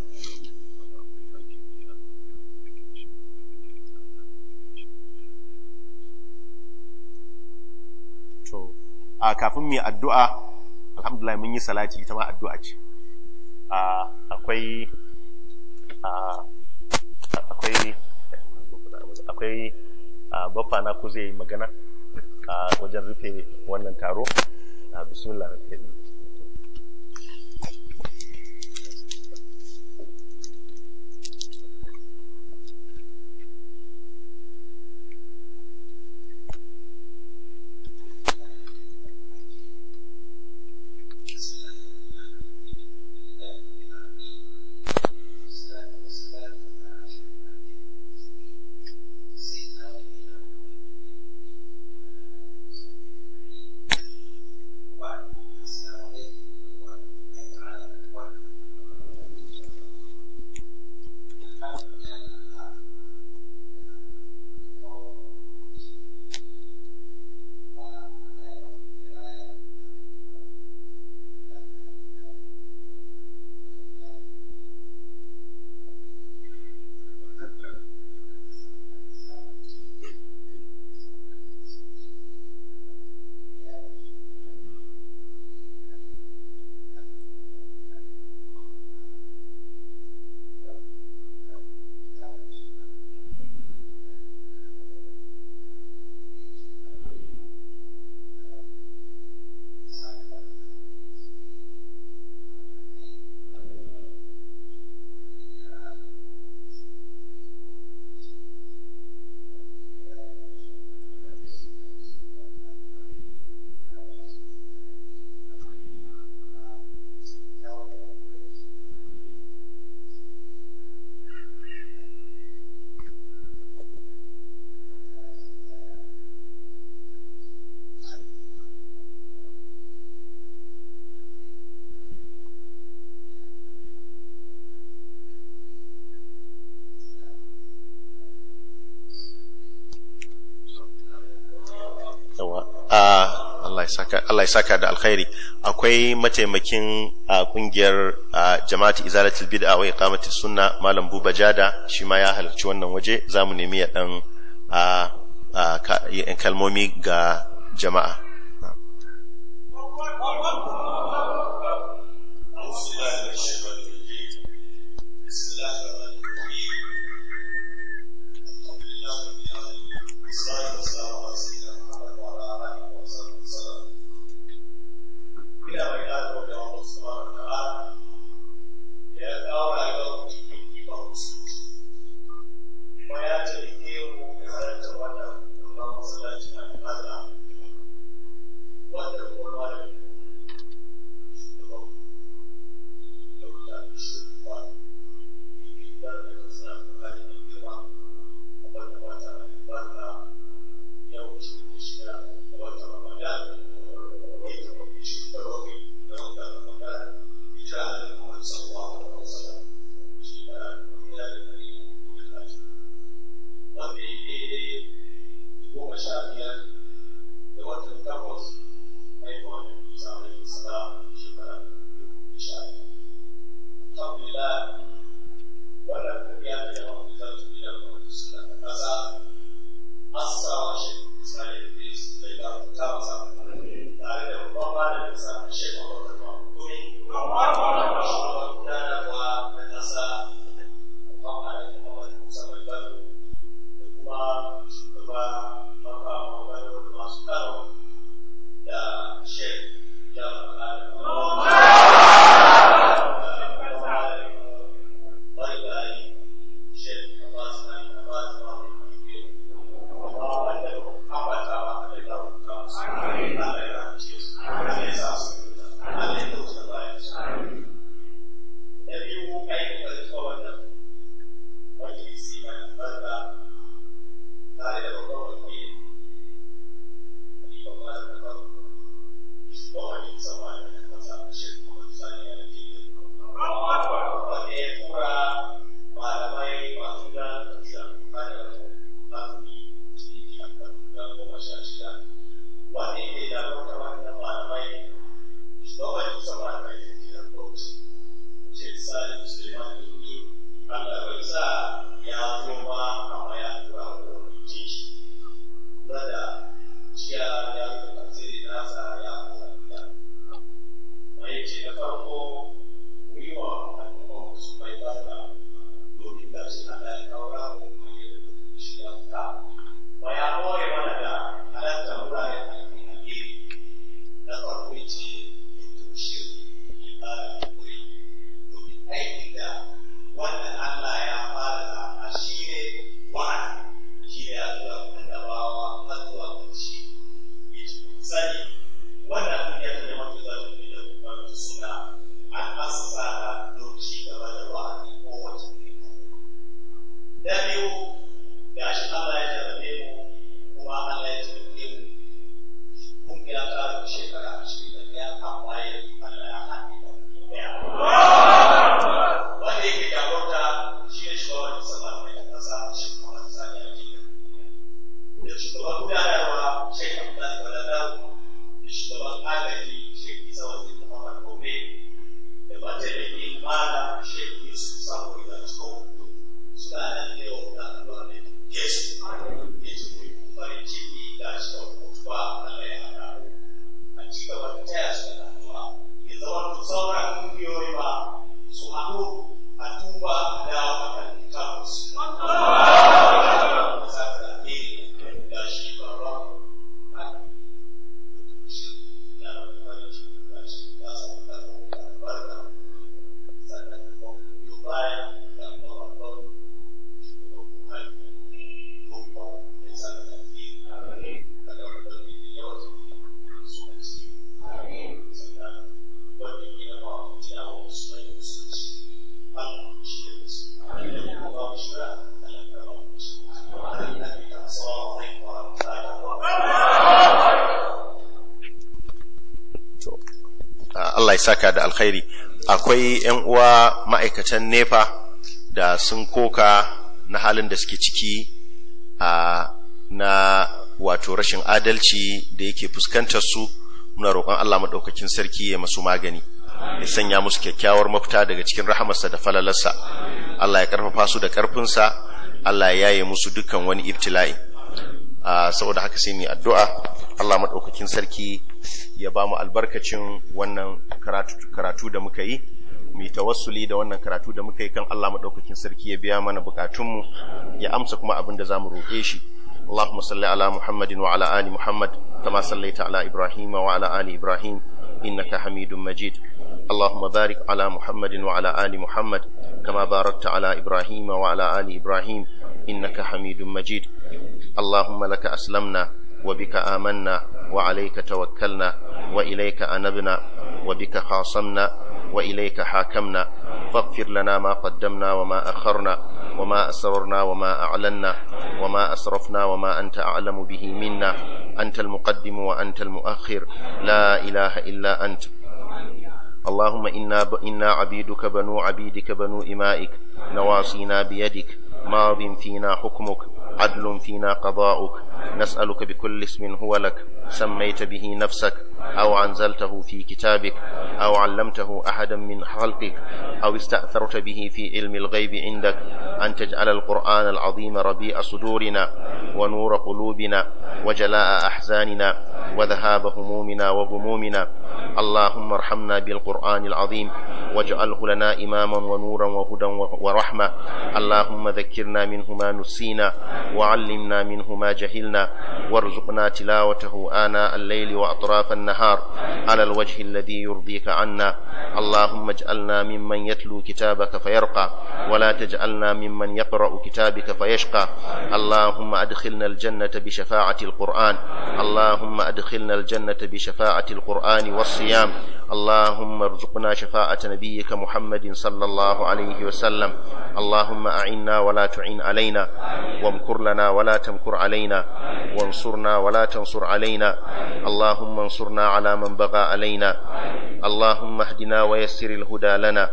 a kafin mai addu'a alhamdulillah mun yi salati ita ma addu'a ce akwai akwai akwai baffa na ku zai magana a wajen rufe wannan taro a bismillah Allah ya saka da alkhairi akwai mataimakin kungiyar jama'at izalatul bid'a wa iqamati sunna malam buba jada shi ma ya halarci wannan waje zamu nemi ya dan kalmomi ga jama'a alkhairi akwai yan uwa ma'aikatan nefa da sun koka na halin da suke ciki a na wato rashin adalci da yake fuskantar su muna roƙon Allah maɗaukakin sarki ya masu magani ya sanya musu kyakkyawar mafita daga cikin rahamarsa da falalarsa Allah ya karfafa su da ƙarfinsa. Allah ya yaye musu dukkan wani ibtila'i a ah, saboda haka sai mai addu’a Allah maɗaukakin sarki ya ba mu albarkacin wannan karatu da muka yi mai tawassuli da wannan karatu da muka yi kan Allah maɗaukakin sarki ya biya mana bukatun mu ya amsa kuma abin da za mu roƙe shi Allahumma salli ala Muhammadin wa ala ali Muhammad kama sallaita ala Ibrahim wa ala ali Ibrahim innaka Hamidum Majid Allahumma barik ala Muhammadin wa ala ali Muhammad kama barakta ala ibrahima wa ala ali Ibrahim إنك حميد مجيد اللهم لك أسلمنا وبك آمنا وعليك توكلنا وإليك أنبنا وبك خاصمنا وإليك حاكمنا فاغفر لنا ما قدمنا وما أخرنا وما أسررنا وما أعلنا وما أسرفنا وما أنت أعلم به منا أنت المقدم وأنت المؤخر لا إله إلا أنت اللهم إنا, ب... إنا عبيدك بنو عبيدك بنو إمائك نواصينا بيدك ماض فينا حكمك عدل فينا قضاؤك نسألك بكل اسم هو لك سميت به نفسك أو أنزلته في كتابك أو علمته أحدا من خلقك أو استأثرت به في علم الغيب عندك أن تجعل القرآن العظيم ربيع صدورنا ونور قلوبنا وجلاء أحزاننا وذهاب همومنا وغمومنا اللهم ارحمنا بالقرآن العظيم واجعله لنا إماما ونورا وهدى ورحمة اللهم ذكرنا منه ما نسينا وعلمنا منه ما جهلنا الجنة وارزقنا تلاوته آناء الليل وأطراف النهار على الوجه الذي يرضيك عنا اللهم اجعلنا ممن يتلو كتابك فيرقى ولا تجعلنا ممن يقرأ كتابك فيشقى اللهم أدخلنا الجنة بشفاعة القرآن اللهم أدخلنا الجنة بشفاعة القرآن والصيام اللهم ارزقنا شفاعة نبيك محمد صلى الله عليه وسلم اللهم أعنا ولا تعين علينا وامكر لنا ولا تمكر علينا وانصرنا ولا تنصر علينا اللهم انصرنا على من بغى علينا اللهم اهدنا ويسر الهدى لنا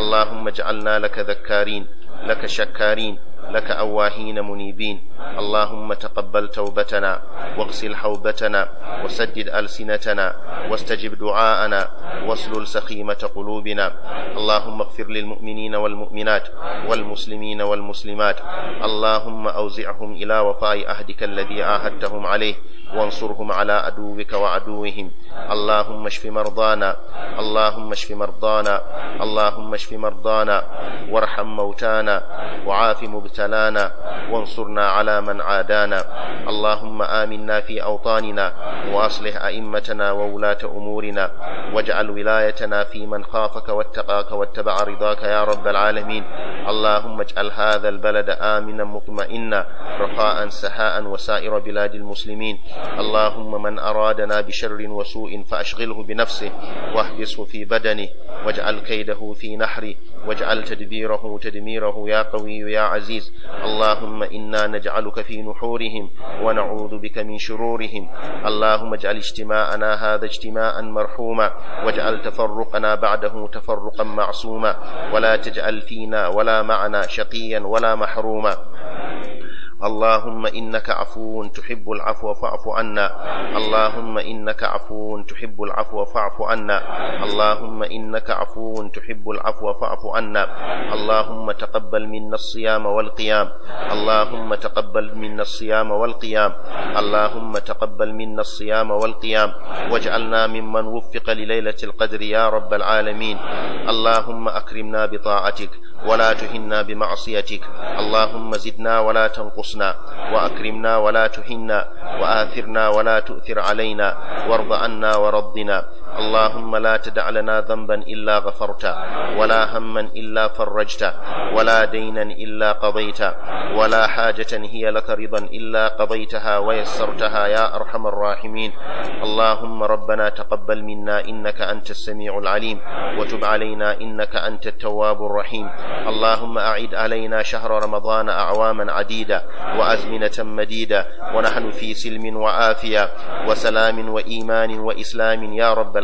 اللهم اجعلنا لك ذكارين لك شكارين لك أواهين منيبين اللهم تقبل توبتنا واغسل حوبتنا وسدد ألسنتنا واستجب دعاءنا واسلل سخيمة قلوبنا اللهم اغفر للمؤمنين والمؤمنات والمسلمين والمسلمات اللهم أوزعهم إلى وفاء أهدك الذي عاهدتهم عليه وانصرهم على عدوك وعدوهم اللهم اشف مرضانا اللهم اشف مرضانا اللهم اشف مرضانا وارحم موتانا وعاف مبتلانا ابتلانا وانصرنا على من عادانا اللهم آمنا في أوطاننا وأصلح أئمتنا وولاة أمورنا واجعل ولايتنا في من خافك واتقاك واتبع رضاك يا رب العالمين اللهم اجعل هذا البلد آمنا مطمئنا رخاء سحاء وسائر بلاد المسلمين اللهم من أرادنا بشر وسوء فأشغله بنفسه واحبسه في بدنه واجعل كيده في نحره واجعل تدبيره تدميره يا قوي يا عزيز الرجس اللهم إنا نجعلك في نحورهم ونعوذ بك من شرورهم اللهم اجعل اجتماعنا هذا اجتماعا مرحوما واجعل تفرقنا بعده تفرقا معصوما ولا تجعل فينا ولا معنا شقيا ولا محروما اللهم إنك عفو تحب العفو فاعف عنا اللهم إنك عفو تحب العفو فاعف عنا اللهم إنك عفو تحب العفو فاعف عنا اللهم تقبل منا الصيام والقيام اللهم تقبل منا الصيام والقيام اللهم تقبل منا الصيام والقيام واجعلنا ممن وفق لليلة القدر يا رب العالمين اللهم أكرمنا بطاعتك ولا تهنا بمعصيتك اللهم زدنا ولا تنقصنا الحسنى وأكرمنا ولا تهنا وآثرنا ولا تؤثر علينا وارض عنا ورضنا اللهم لا تدع لنا ذنبا إلا غفرته ولا هما إلا فرجته ولا دينا إلا قضيته ولا حاجة هي لك رضا إلا قضيتها ويسرتها يا أرحم الراحمين اللهم ربنا تقبل منا إنك أنت السميع العليم وتب علينا إنك أنت التواب الرحيم اللهم أعد علينا شهر رمضان أعواما عديدة وأزمنة مديدة ونحن في سلم وعافية وسلام وإيمان وإسلام يا رب